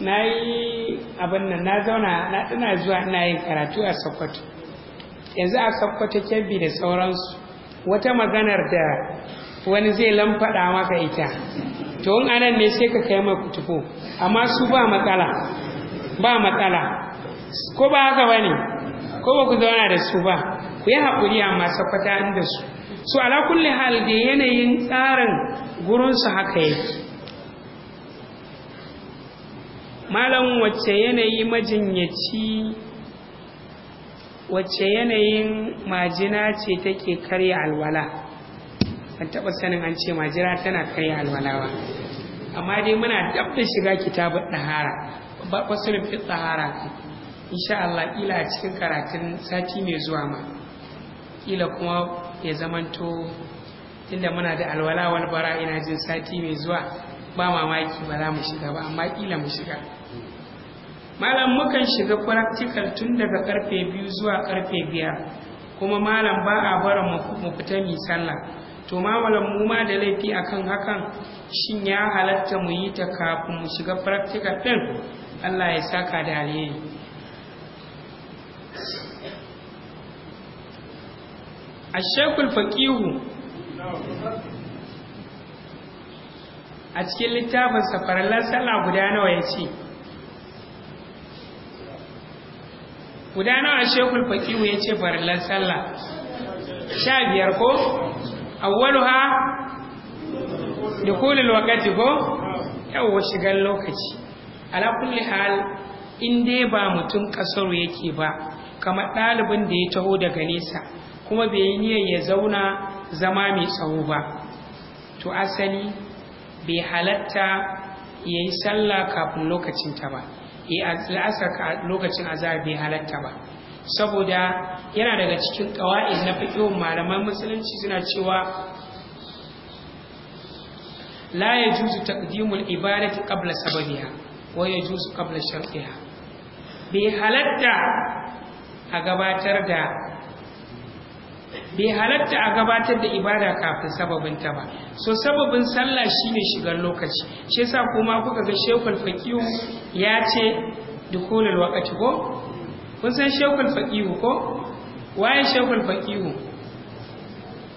na yi abin nan na zauna na ɗina zuwa na yin karatu a sokoto yanzu a sokoto kebbi da sauransu wata maganar da wani zai lamfaɗa maka ita to in anan ne sai ka kai mai kutufo amma su ba matsala ba matsala ko ba haka ba ne ko ba ku zauna da su ba ku yi haƙuri amma sakwata inda su su ala kulle hal da yanayin tsarin gurinsu haka yake malam wacce yanayi majinyaci wacce yanayin majina ce take karya alwala an taɓa sanin an ce majina tana karya alwala amma dai muna dab shiga kitabun ɗahara ba fasulun fi ɗahara in sha Allah ila a cikin karatun sati mai zuwa ma ila kuma ya zamanto tunda muna da alwala wani bara ina jin sati mai zuwa ba mamaki ba za mu shiga ba amma kila mu shiga malam mukan shiga practical tun daga karfe biyu zuwa karfe biyar kuma malam ba a bara mu fita mu sallah to malam mu ma da laifi akan hakan shin ya halatta mu yi ta kafin mu shiga practical din Allah ya saka da alheri الشيخ الفقيه a cikin littafin safarallan sallah guda nawa ya ce guda nawa shekul Fakiru ya ce farallan sallah sha biyar ko awwaluha dukulul wakati ko yawa shigar lokaci ala kulli hal in dai ba mutum kasar yake ba kamar ɗalibin da ya taho daga nesa kuma bai yi niyyar ya zauna zama mai tsawo ba to asali bai halatta ya yi sallah kafin lokacin ta ba ya eh, la'asar lokacin azhar bai halatta ba saboda yana daga cikin ƙawa'id na fiƙihun malaman musulunci suna cewa la ya juzu taqdimul ibadati qabla sababiha wa ya juzu qabla shartiha bai halatta a gabatar da bai halatta a gabatar da ibada kafin sababin ta ba so sababin sallah shine shigar lokaci shi yasa kuma kuka ga shekul faqihu ya ce dukhulul waqti ko kun san shekul faqihu ko waye shekul faqihu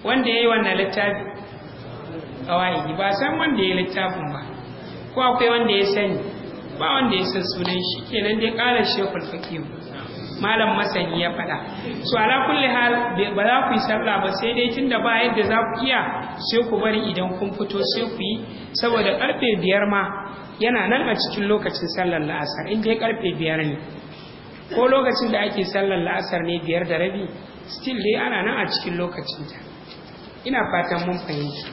wanda yayi wannan littafi kawai ba san wanda yayi littafin ba ko akwai wanda ya sani ba wanda ya san sunan shi kenan dai ƙara shekul faqihu malam masani ya faɗa so ala kulli hal ba za ku yi sallah ba sai dai tunda ba yadda za ku iya sai ku bari idan kun fito sai ku yi saboda karfe biyar ma yana nan a cikin lokacin sallar la'asar in dai karfe biyar ne ko lokacin da ake sallar la'asar ne biyar da rabi still dai ana nan a cikin lokacin ta ina fatan mun fahimta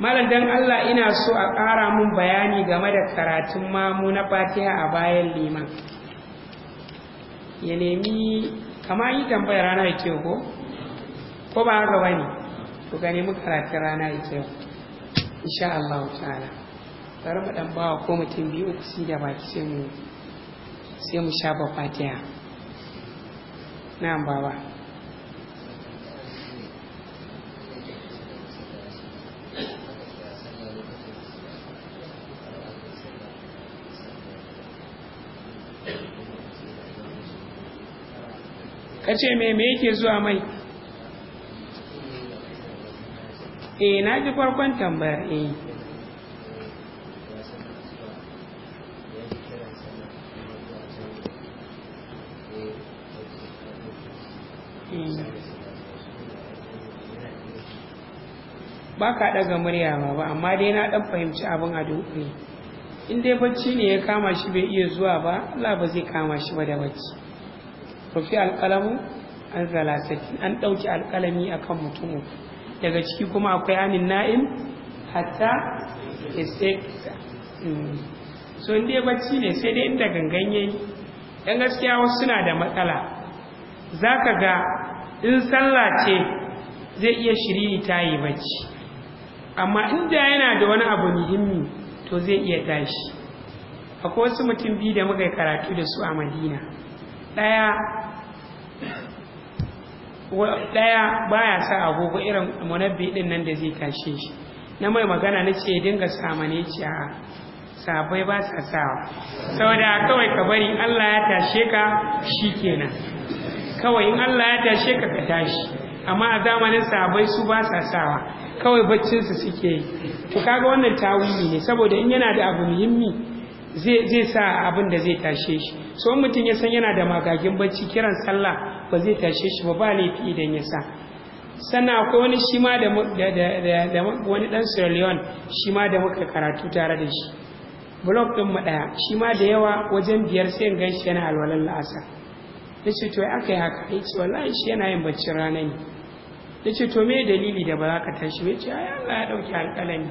malam dan Allah ina so a ƙara mun bayani game da karatun mamu na fatiha a bayan liman ya nemi kama yi tambaya rana ya kyau ko ko ba haka ba ne to gani nemi karatun rana ya kyau insha Allah ta'ala tare mu dan bawa ko mutum biyu uku si da baki sai mu sai mu sha bakwatiya na'am baba ka ce me me yake zuwa mai eh na ji farkon tambayar e ba ka ɗaga murya ba ba amma dai na dan fahimci abin a dukkan in dai bacci ne ya kama shi bai iya zuwa ba Allah ba zai kama shi ba da bacci rufi alƙalamu an salasaki an ɗauki alƙalami a kan mutumu daga ciki kuma akwai anin na'im hatta isekta mm. so bacci ne sai dai inda gangan yayi Yan gaskiya wasu suna da matsala Za ka ga in sallah ce zai iya shiri ta yi bacci amma inda yana da wani abu muhimmi to zai iya tashi akwai wasu mutum biyu da muka karatu da su a madina ɗaya ɗaya baya sa agogo irin munabbi ɗin nan da zai tashe shi na mai magana na ce dinga samane ce a sabai ba sa sawa saboda kawai ka bari Allah ya tashe ka shi kenan kawai in Allah ya tashe ka ka tashi amma a zamanin sabai su ba sa sawa kawai baccinsu suke yi to kaga wannan tawili ne saboda in yana da abu muhimmi zai sa abin da zai tashe shi so mutum ya san yana da magagin bacci kiran sallah ba zai tashe shi ba ba laifi idan ya sa sannan akwai wani shi ma da wani dan Sierra Leone shi ma da muka karatu tare da shi blog din mu daya shi ma da yawa wajen biyar sai ga ganshi yana alwalan la'asa ce to aka yi haka yace wallahi shi yana yin baccin rana ne yace to me dalili da ba za ka tashi yace ai Allah ya dauki alƙalami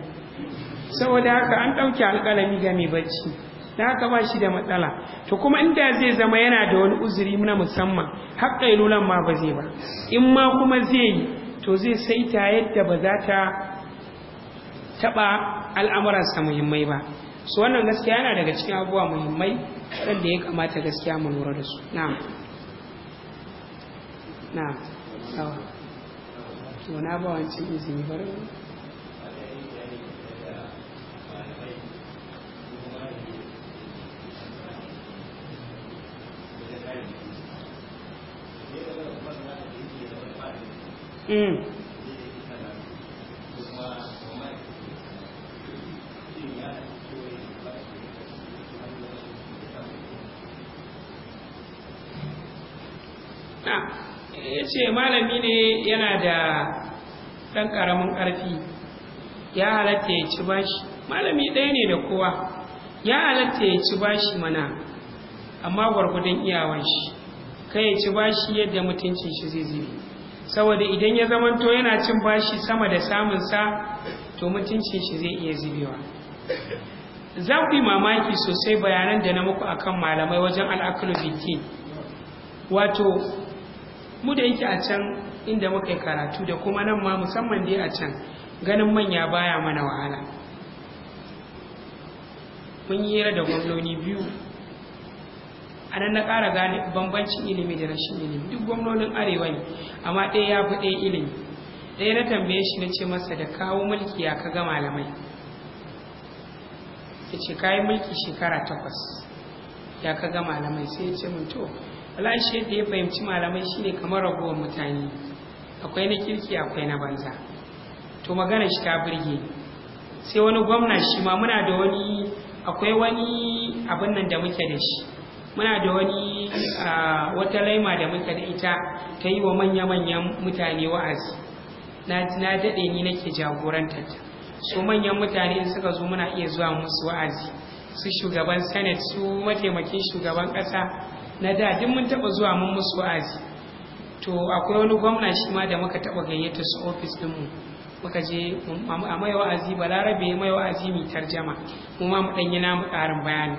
saboda haka an dauki alƙalami ga mai bacci da haka ba shi da matsala to kuma inda zai zama yana da wani uzuri na musamman har ƙailulan ma ba zai ba in ma kuma zai yi to zai saita yadda ba za ta taɓa al'amuransa muhimmai ba su wannan gaskiya yana daga cikin abubuwa muhimmai da ya kamata gaskiya mu lura da su na'am na'am na ba wancan izini bari Mm. ya ce malami ne yana da ɗan ƙaramin ƙarfi ya halatta ya ci bashi malami ɗaya ne da kowa ya halatta ya ci bashi mana amma gwargwadon iyawanshi shi kai ya ci bashi yadda mutuncin shi zai zube saboda idan ya zamanto yana cin bashi sama da samun sa, to mutuncin shi zai iya zubewa za ku yi mamaki sosai bayanan da na muku akan malamai wajen al'akulu bikin wato mu da yake a can inda muka yi karatu da kuma nan ma musamman dai a can ganin manya baya mana wahala mun yi da gwamnoni biyu a nan na ƙara gane bambancin ilimi da rashin ilimi duk gwamnonin arewa ne amma ɗaya ya fi ɗaya ilimi ɗaya na tambaye shi na ce masa da kawo mulki ya ka ga malamai ya ce kayi mulki shekara takwas ya ka ga malamai sai ya ce mun to wala shi yadda ya fahimci malamai shine kamar ragowar mutane akwai na kirki akwai na banza to magana shi ta burge sai wani gwamna shi ma muna da wani akwai wani abin nan da muke da shi muna da wani wata laima da muka da ita ta yi wa manya-manyan mutane wa'azi na daɗe ni nake jagorantar ta su manyan mutane in suka zo muna iya zuwa musu wa'azi su shugaban sanet, su mataimakin shugaban ƙasa na da duk mun taɓa zuwa mun musu wa'azi to akwai wani gwamna shi ma da muka taɓa gayyata su ofis ɗinmu muka je a mai wa'azi balarabe mai wa'azi mai tarjama mu ma mu ɗanyi namu ƙarin bayani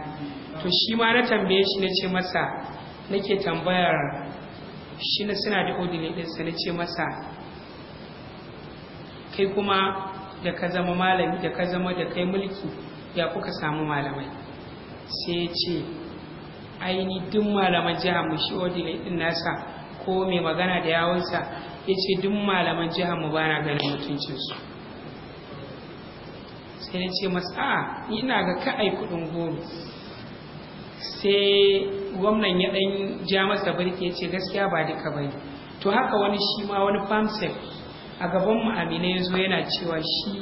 to shi ma na tambaye shi na ce masa nake tambayar shi na suna da odile ɗinsa na ce masa kai kuma da ka zama malami da ka zama da kai mulki ya kuka samu malamai sai ya ce aini duk malaman jihar mu shi odile ɗin nasa ko mai magana da yawansa ya ce duk malaman jihar mu bana ganin mutuncinsu sai na ce masa a ina ga ka'ai kuɗin goro sai gwamnan ya ɗan ja masa birki ya ce gaskiya ba duka ba ne to haka wani shi ma wani famsef a gaban mu amina ya zo yana cewa shi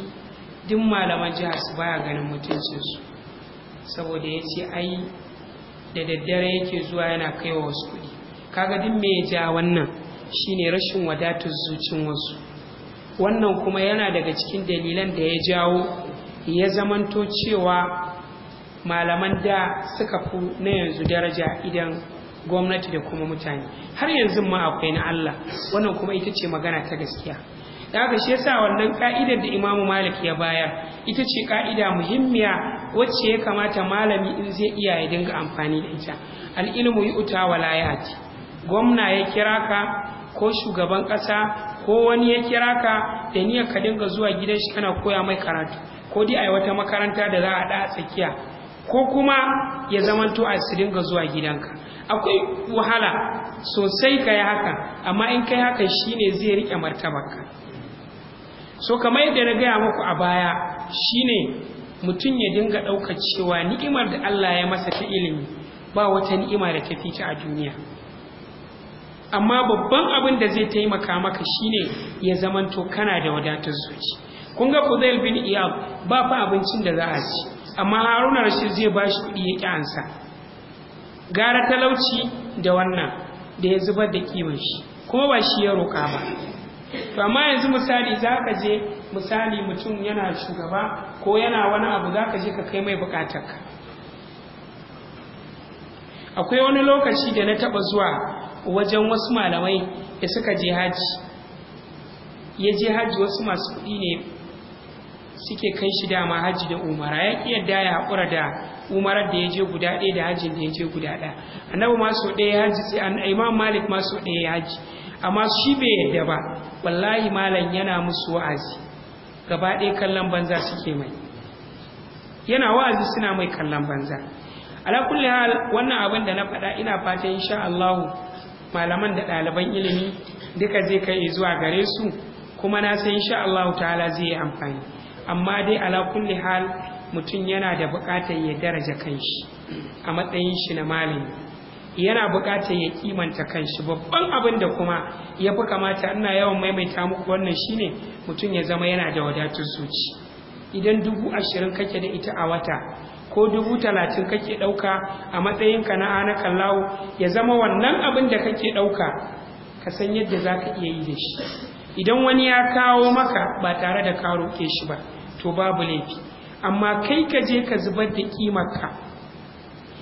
duk malaman jihar su baya ganin mutuncinsu saboda ya ce ai da daddare yake zuwa yana wa wasu kuɗi kaga duk me ja wannan shine rashin wadatar zucin wasu wannan kuma yana daga cikin dalilan da ya jawo ya zamanto cewa malaman da suka fi na yanzu daraja idan gwamnati da kuma mutane har yanzu ma akwai na Allah wannan kuma ita ce magana ta gaskiya da haka shi yasa wannan ka'idar da Imam Malik ya bayar ita ce ka'ida muhimmiya wacce ya kamata malami in zai iya ya dinga amfani da ita Al'ilmu yi wuta wa layati gwamna ya kira ka ko shugaban ƙasa ko wani ya kira ka da niyyar ka dinga zuwa gidan shi kana koya mai karatu ko dai a wata makaranta da za a da tsakiya ko kuma ya zamanto a su dinga zuwa gidanka akwai wahala sosai ka yi haka amma in ka yi haka shine zai rike martabarka so kamar yadda na gaya maku a baya shine mutum ya dinga ɗaukar cewa ni'imar da Allah ya masa ta ilimi ba wata ni'ima da ta fita a duniya amma babban abin da zai taimaka maka shine ya zamanto kana da wadatar zuci kun ga Fudail bin iya ba fa abincin da za a ci amma haruna rashid zai ba shi kuɗi ya ƙi gara talauci da wannan da ya zubar da kiwon shi kuma ba shi ya roƙa ba to amma yanzu misali za ka je misali mutum yana shugaba ko yana wani abu za ka je ka kai mai ka akwai wani lokaci da na taɓa zuwa wajen wasu malamai da suka je haji ya je haji wasu masu kuɗi ne suke kai shi dama hajji da umara ya ki yadda ya haƙura da umarar da ya je guda ɗaya da hajjin da ya je guda ɗaya annabi ma so ɗaya hajji sai imam malik ma so ɗaya hajji amma shi bai yadda ba wallahi malam yana musu wa'azi gaba ɗaya kallon banza suke mai yana wa'azi suna mai kallon banza ala kulli hal wannan abin da na faɗa ina fata insha Allah malaman da ɗaliban ilimi duka zai kai zuwa gare su kuma na san insha Allah ta'ala zai yi amfani amma dai ala kulli hal mutum yana da buƙatar ya daraja kanshi a matsayin shi na malami yana buƙatar ya kimanta kanshi babban abin da kuma ya fi kamata ina yawan maimaita muku wannan shine mutum ya zama yana da wadatun zuci idan dubu ashirin kake da ita a wata ko dubu talatin kake ɗauka a matsayin ka na ana kallawo ya zama wannan abin da kake ɗauka ka san yadda za ka iya yi da shi idan wani ya kawo maka ba tare da ka roƙe shi ba to babu laifi amma kai ka je ka zubar da ƙimarka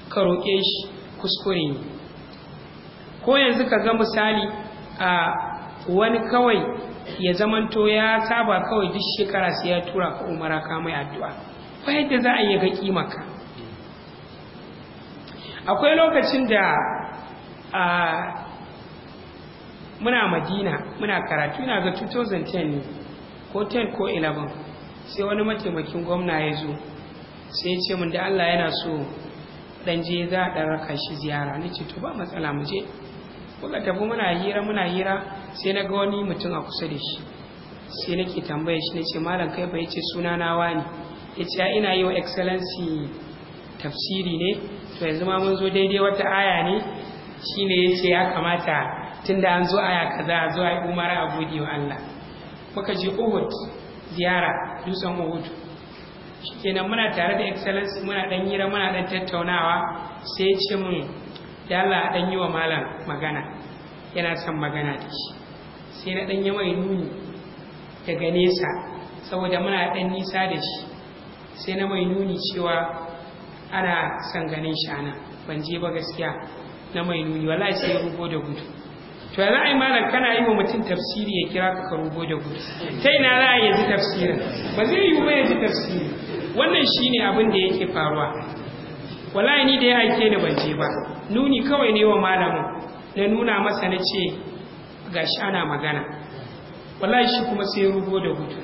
ka roƙe shi kuskure ne ko yanzu ka ga misali a wani kawai ya zamanto ya saba kawai duk shekara sai ya tura ka umara ka mai addu'a ba yadda za a yi ga ƙimarka akwai lokacin da a muna madina muna karatu na ga 2010 ne ko 10 ko 11 sai wani mataimakin gwamna ya zo sai ce mun da Allah yana so dan je za a raka shi ziyara ni ce to ba matsala mu je kuma tafi muna hira muna hira sai na ga wani mutum a kusa da shi sai nake tambaye shi nace malam kai ba yace suna na wani yace ina yi wa excellency tafsiri ne to yanzu ma mun zo daidai wata aya ne shine yace ya kamata tunda an zo a ya kaza zuwa zo yi umara a gode wa Allah muka je Uhud ziyara dutsen Uhud kenan muna tare da excellence muna dan hira muna dan tattaunawa sai ya ce mun ya Allah dan yi wa malam magana yana son magana da shi sai na dan yi mai nuni daga nesa saboda muna ɗan nisa da shi sai na mai nuni cewa ana son ganin shana. ban je ba gaskiya na mai nuni wala sai ya rubo da gudu to za a malam kana yi wa mutum tafsiri ya kira ka karubo da gudu ta ina za a yi ji tafsirin ba zai yi ba ya ji tafsiri wannan shi ne abin da yake faruwa wallahi ni da ya aike ni ban je ba nuni kawai ne wa malamin na nuna masa na ce gashi ana magana wallahi shi kuma sai rubo da gudu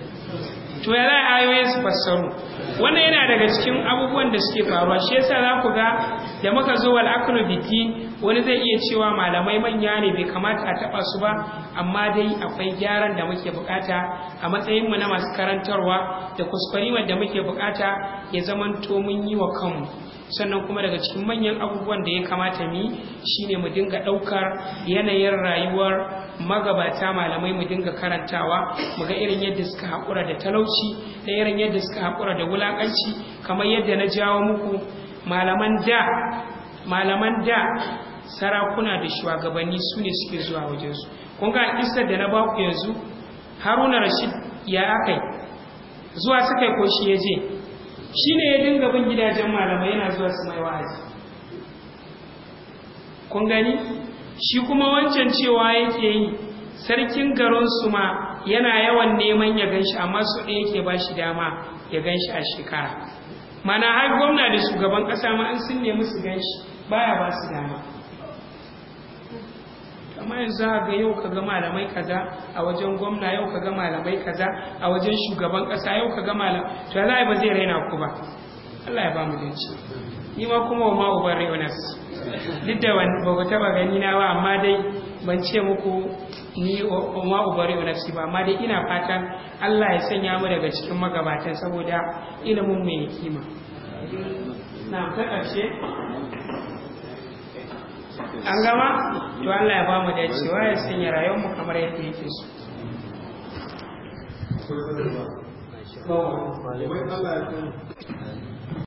to ya za ayoyi su fassaru wannan yana daga cikin abubuwan da suke faruwa shi yasa za ku ga da muka zo wal aklu biki wani zai iya cewa malamai manya ne bai kamata a taba su ba amma dai akwai gyaran da muke bukata a matsayin mu na masu karantarwa da kuskure da muke bukata ya zamanto mun yi wa kanmu sannan kuma daga cikin manyan abubuwan da ya kamata mu shine mu dinga daukar yanayin rayuwar magabata malamai mu dinga karantawa mu ga irin yadda suka haƙura da talauci da irin yadda suka haƙura da wulaƙanci kamar yadda na jawo muku malaman da malaman da sarakuna da shugabanni su ne suke zuwa wajensu kun ga isar da na baku yanzu haruna rashid ya akai zuwa suka kai ko shi ya je shi ne ya dinga bin gidajen malamai yana zuwa su mai wa'azi kun gani shi kuma wancan cewa yake yi sarkin garinsu ma yana yawan neman ya ganshi amma su ɗaya ke ba shi dama ya ganshi a shekara mana har gwamna da shugaban ƙasa ma an sun nemi su ganshi baya ba su dama amma yanzu ga yau ka ga malamai kaza a wajen gwamna yau ka ga malamai kaza a wajen shugaban kasa yau ka ga malam to Allah ba zai raina ku ba Allah ya ba mu dace ni ma kuma wa ma uban rayuwa duk da wani ba ku taba gani na ba amma dai ban ce muku ni ma ubari nafsi ba amma dai ina fatan Allah ya sanya mu daga cikin magabatan saboda ilimin mai kima na ta ƙarshe an gama to Allah ya ba mu dacewa ya sanya rayuwar mu kamar yadda yake so Thank you.